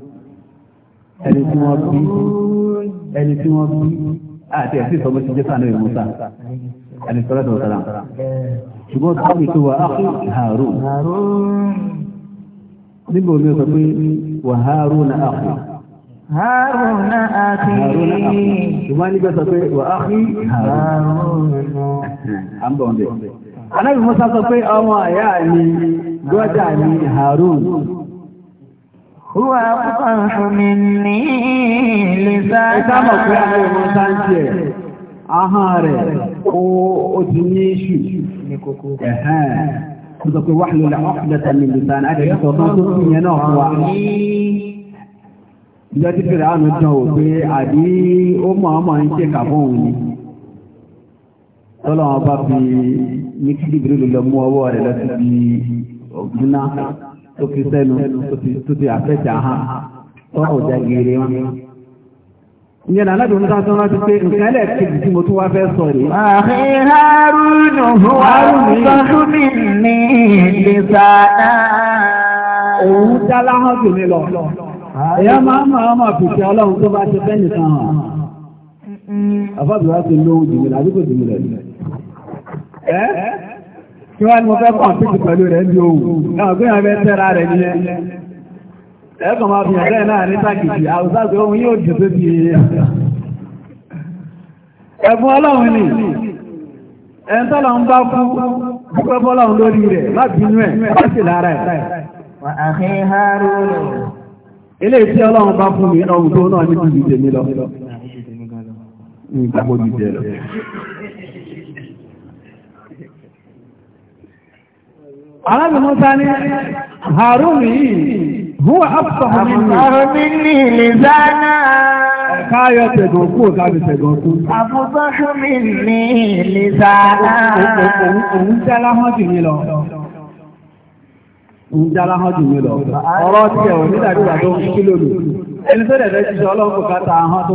ẹni tí wọ́n bí ẹni tí wọ́n bí àti ẹ̀sí ìsọmọ ti jẹ́ sànú ìmúta ẹni sọ́rọ̀ tó sọ́rọ̀ ṣùgbọ́n tó ní tó wà áhùn Harun nígbà omi ọ̀sọ̀ pé wà Harun na áhùn Harun na áhùn ṣùgbọ́n nígbà sọ pé wà áhùn Harun à ń bọ̀ ọ̀dẹ̀ anábì Musa sọ pé ọmọ àyà mi gbọ́dà mi Harun Huwa afqahu minni lisana. àwọn ọmọ na a kìí sọ ya Ìjọ ti fèrè àánú tán ò pé àbí ó mọ̀ ọmọ ń ṣe kàbọ̀n ni. Tọ́lọ́wọ́n bá fi ní kí Jibril lọ mú ọwọ́ rẹ̀ lọ sí tó fi sẹ́nu tó ti àfẹ́jà hàn tọ́rọ̀ ọ̀já gèrè wọn. Ìyẹn náà láti oníkan tó rántí pé nǹkan ẹlẹ́ẹ̀kejì tí mo tún wá fẹ́ sọ rèé. Àfi Haruna wà sọ́dún mi ní ìdísáná. Òun dá láhàn jù mí lọ. Ẹ̀yà máa máa máa fìṣẹ́ kí wá ní mo fẹ́ kọ̀ǹpìtì pẹ̀lú rẹ̀ bí owó náà gbé àwọn ẹgbẹ́tẹ́ra rẹ̀ ní ẹ̀ẹ́kọ̀ máa fi ẹ̀rẹ́ náà ní tàkìtì àwùsáàgbé ohun yóò jù tó bí ẹ̀bùn ọlọ́run ni ẹ̀ń tọ́lọ ń bá fún púpẹ́ bọ́lọ́run lórí rẹ̀ láti inú ẹ̀ láti lára ẹ̀ ilé tí ọlọ́run bá fún mi ọ̀hún tó náà ní jù jù tèmi lọ Arábì Musa ní Harun yìí, huwa afsahu minni. Àmọ́ mi ní lìzánà. Káyọ̀ tẹ̀gàn kú, kábi tẹ̀gàn kú. Àfúsọ́ṣù mi ní lìzánà. Òun jẹ́ láhán jù mí lọ. Òun jẹ́ láhán jù mí lọ. Ọ̀rọ̀ tí ẹ̀ ní dàgbà tó ń kí lòlù. Ẹni tó dẹ̀dẹ̀ ti sọ ọlọ́run kò ká Kí tó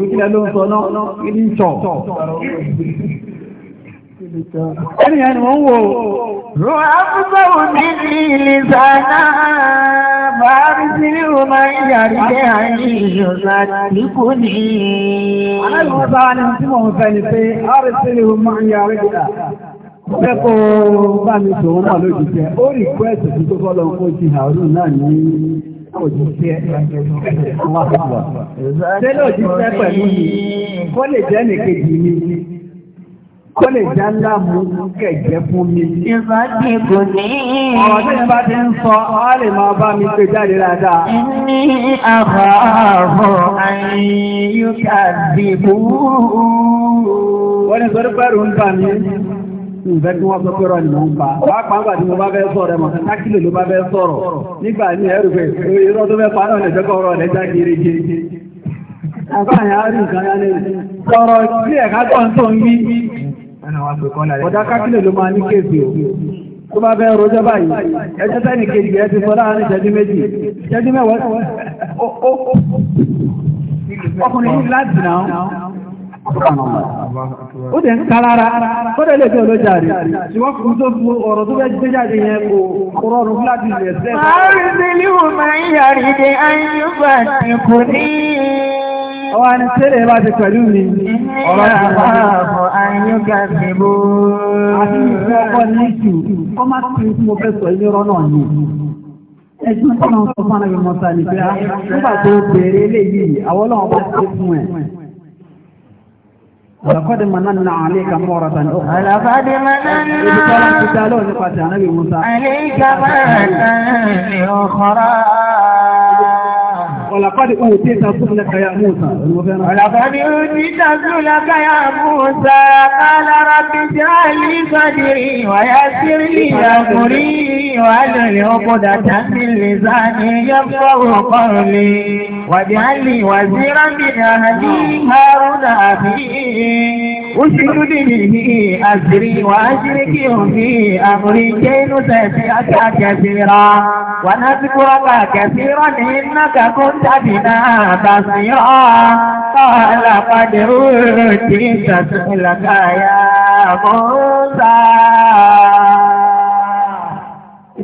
rí kílẹ̀ ló ẹni yẹn ni wọ́n wò ó. rọ abúgbàwò ní ilé sáná o máa ní. jẹ́ bá mi náà ó rí tó kó lè já láàmú kẹ̀jẹ́ fún mi. Ìfàdí kò ní. Ọ̀rọ̀ tí ìbá ti ń sọ, ọ mi pè jáde dáadáa. Ní àbáàbọ̀ àyíká dìbò. Wọ́n ní sọ́dún pẹ́rù ń bà sọ pé ni mò ń pa. Wàá pa mo bá fẹ́ sọ̀rọ̀ ẹ̀mọ̀, tákìlì ló bá fẹ́ sọ̀rọ̀. Nígbà ní ẹrù irọ́ tó fẹ́ náà lè jẹ́kọ̀ ọ̀rọ̀ rẹ̀ já gerege. nǹkan yá Sọ̀rọ̀ ọ̀dá kákílẹ̀ ló máa ní kéèsì o tó bá bẹ́ẹ̀ rojọ́ báyìí ẹjọ́ tẹ́nì kejì ẹ ti sọ láàárín ìṣẹ́jú méjì ìṣẹ́jú mẹ́wàá ọkùnrin láti náà ó dẹ̀ ń kárára ó dẹ̀ lè Ọwọ́ ni tẹ́lẹ̀ bá ti pẹ̀lú mi. Ọ̀rọ̀ àpapọ̀ àyíká ti bó. Àti ìfẹ́ ọkọ ní ìṣù, kọ́ máa ti fi mo fẹ́ sọ ilé rọ́ náà ni. Ẹgbẹ́ tí wọ́n sọ fún Anábì Mọ́sá ni pé nígbà tó bẹ̀rẹ̀ eléyìí, àwọn náà bá ti fún ẹ̀. ولقد مننا عليك مرة أخرى ولقد مننا عليك مرة أخرى ولقد أوتيت سؤلك يا موسى ولقد أوتيت سؤلك يا موسى قال رب اجعل لي صدري ويسر لي أمري واجعل عقدة من لساني يفقه قولي واجعل لي وزيرا من أهلي هارون أخي أشهد به أجري وأشرك في أمري كي نسبحك كثيرا ونذكرك كثيرا إنك كنت بنا بصيرا قال قد أوتيت سؤلك يا موسى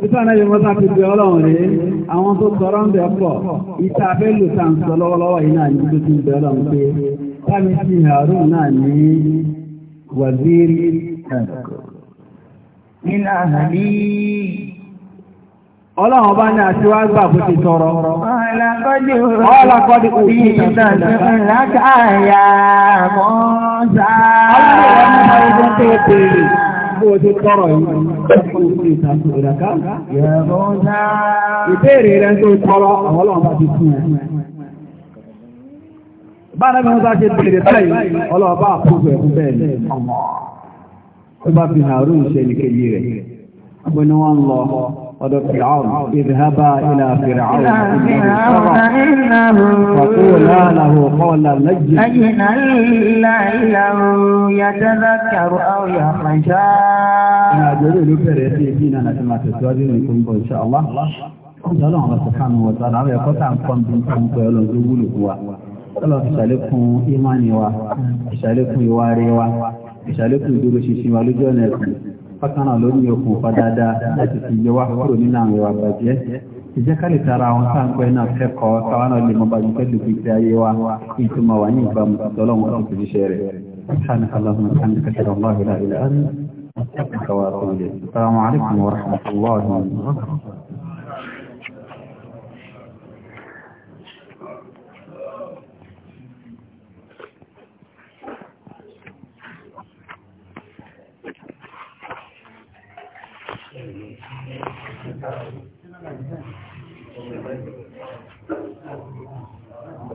Ibi tí ànábì Mùsá fi bí ọlọ́run rí, àwọn tó sọ̀rọ̀ ń bẹ̀ pọ̀, ìta afẹ́ lò tá à ń sọ lọ́wọ́lọ́wọ́ yìí náà ní tó ti ń bẹ̀ ọlọ́run pé, Táàmì ti Harun náà ní wàzírí Nínú àhàlí. Ọlọ́run bá ní aṣíwájú àbò ti sọ̀rọ̀. Ọlọ́kọ́dé kò sí ìtàjẹ́ lákàáyà mọ́ sáà. Ọlọ́run bá ní aṣíwájú àbò ti sọ̀rọ̀ bó ti tọrọ yìí fún fún ìtàkùn ìdàká. Ìbéèrè rẹ̀ tó tọrọ àwọn ọlọ́run bá ti fún un. Bára bí wọ́n bá ṣe bèèrè báyìí, ọlọ́run bá àkóso ẹ̀kú bẹ́ẹ̀ ni. Ó bá fi hàrú ìṣẹ́ ọ̀dọ̀ fìràún ìdíhábà ilà fìràún ìnáhù wàkúwòlá àlàhù kọ́ọ̀lá lẹ́jìn. ẹ̀yìnà ìlà ìlàrú yàtẹ́lá kẹrù àwòyà màṣá. ìrìn àjò orí ìlú bẹ̀rẹ̀ sí ibi ìnànà tí màá tẹ̀síwájú ní ìkóńbọ̀ ìṣà ọlá. ọlọ́run àwọn sọ̀kánù wọ̀tá àwọn ẹ̀kọ́ tá à ń kọ́ bí nǹkan pẹ̀ ọlọ́run wúlò fún wa. ọlọ́run ìṣàlékún ìmánì wa ìṣàlékún ìwà rẹ̀ wa ìṣàlékún ìdúró ṣinṣin wa lójú ọ̀nà ẹ̀sìn fákànà ló ní okùnfà dáadáa láti fi yẹ wá kúrò nínú àwọn ìwà bàjẹ́ ìjẹ́kálẹ̀ tara àwọn sáǹpẹ́ náà kẹ́kọ̀ọ́ káwọn náà lè mọ bá jùlọ lè gbèsè ayé wa ìtumọ̀ wà ní ìbámu lọ́lọ́wọ́n tó fi ṣe rẹ̀. سبحانك اللهم وبحمدك اشهد ان لا اله الا انت استغفرك واتوب اليك السلام عليكم ورحمه custody.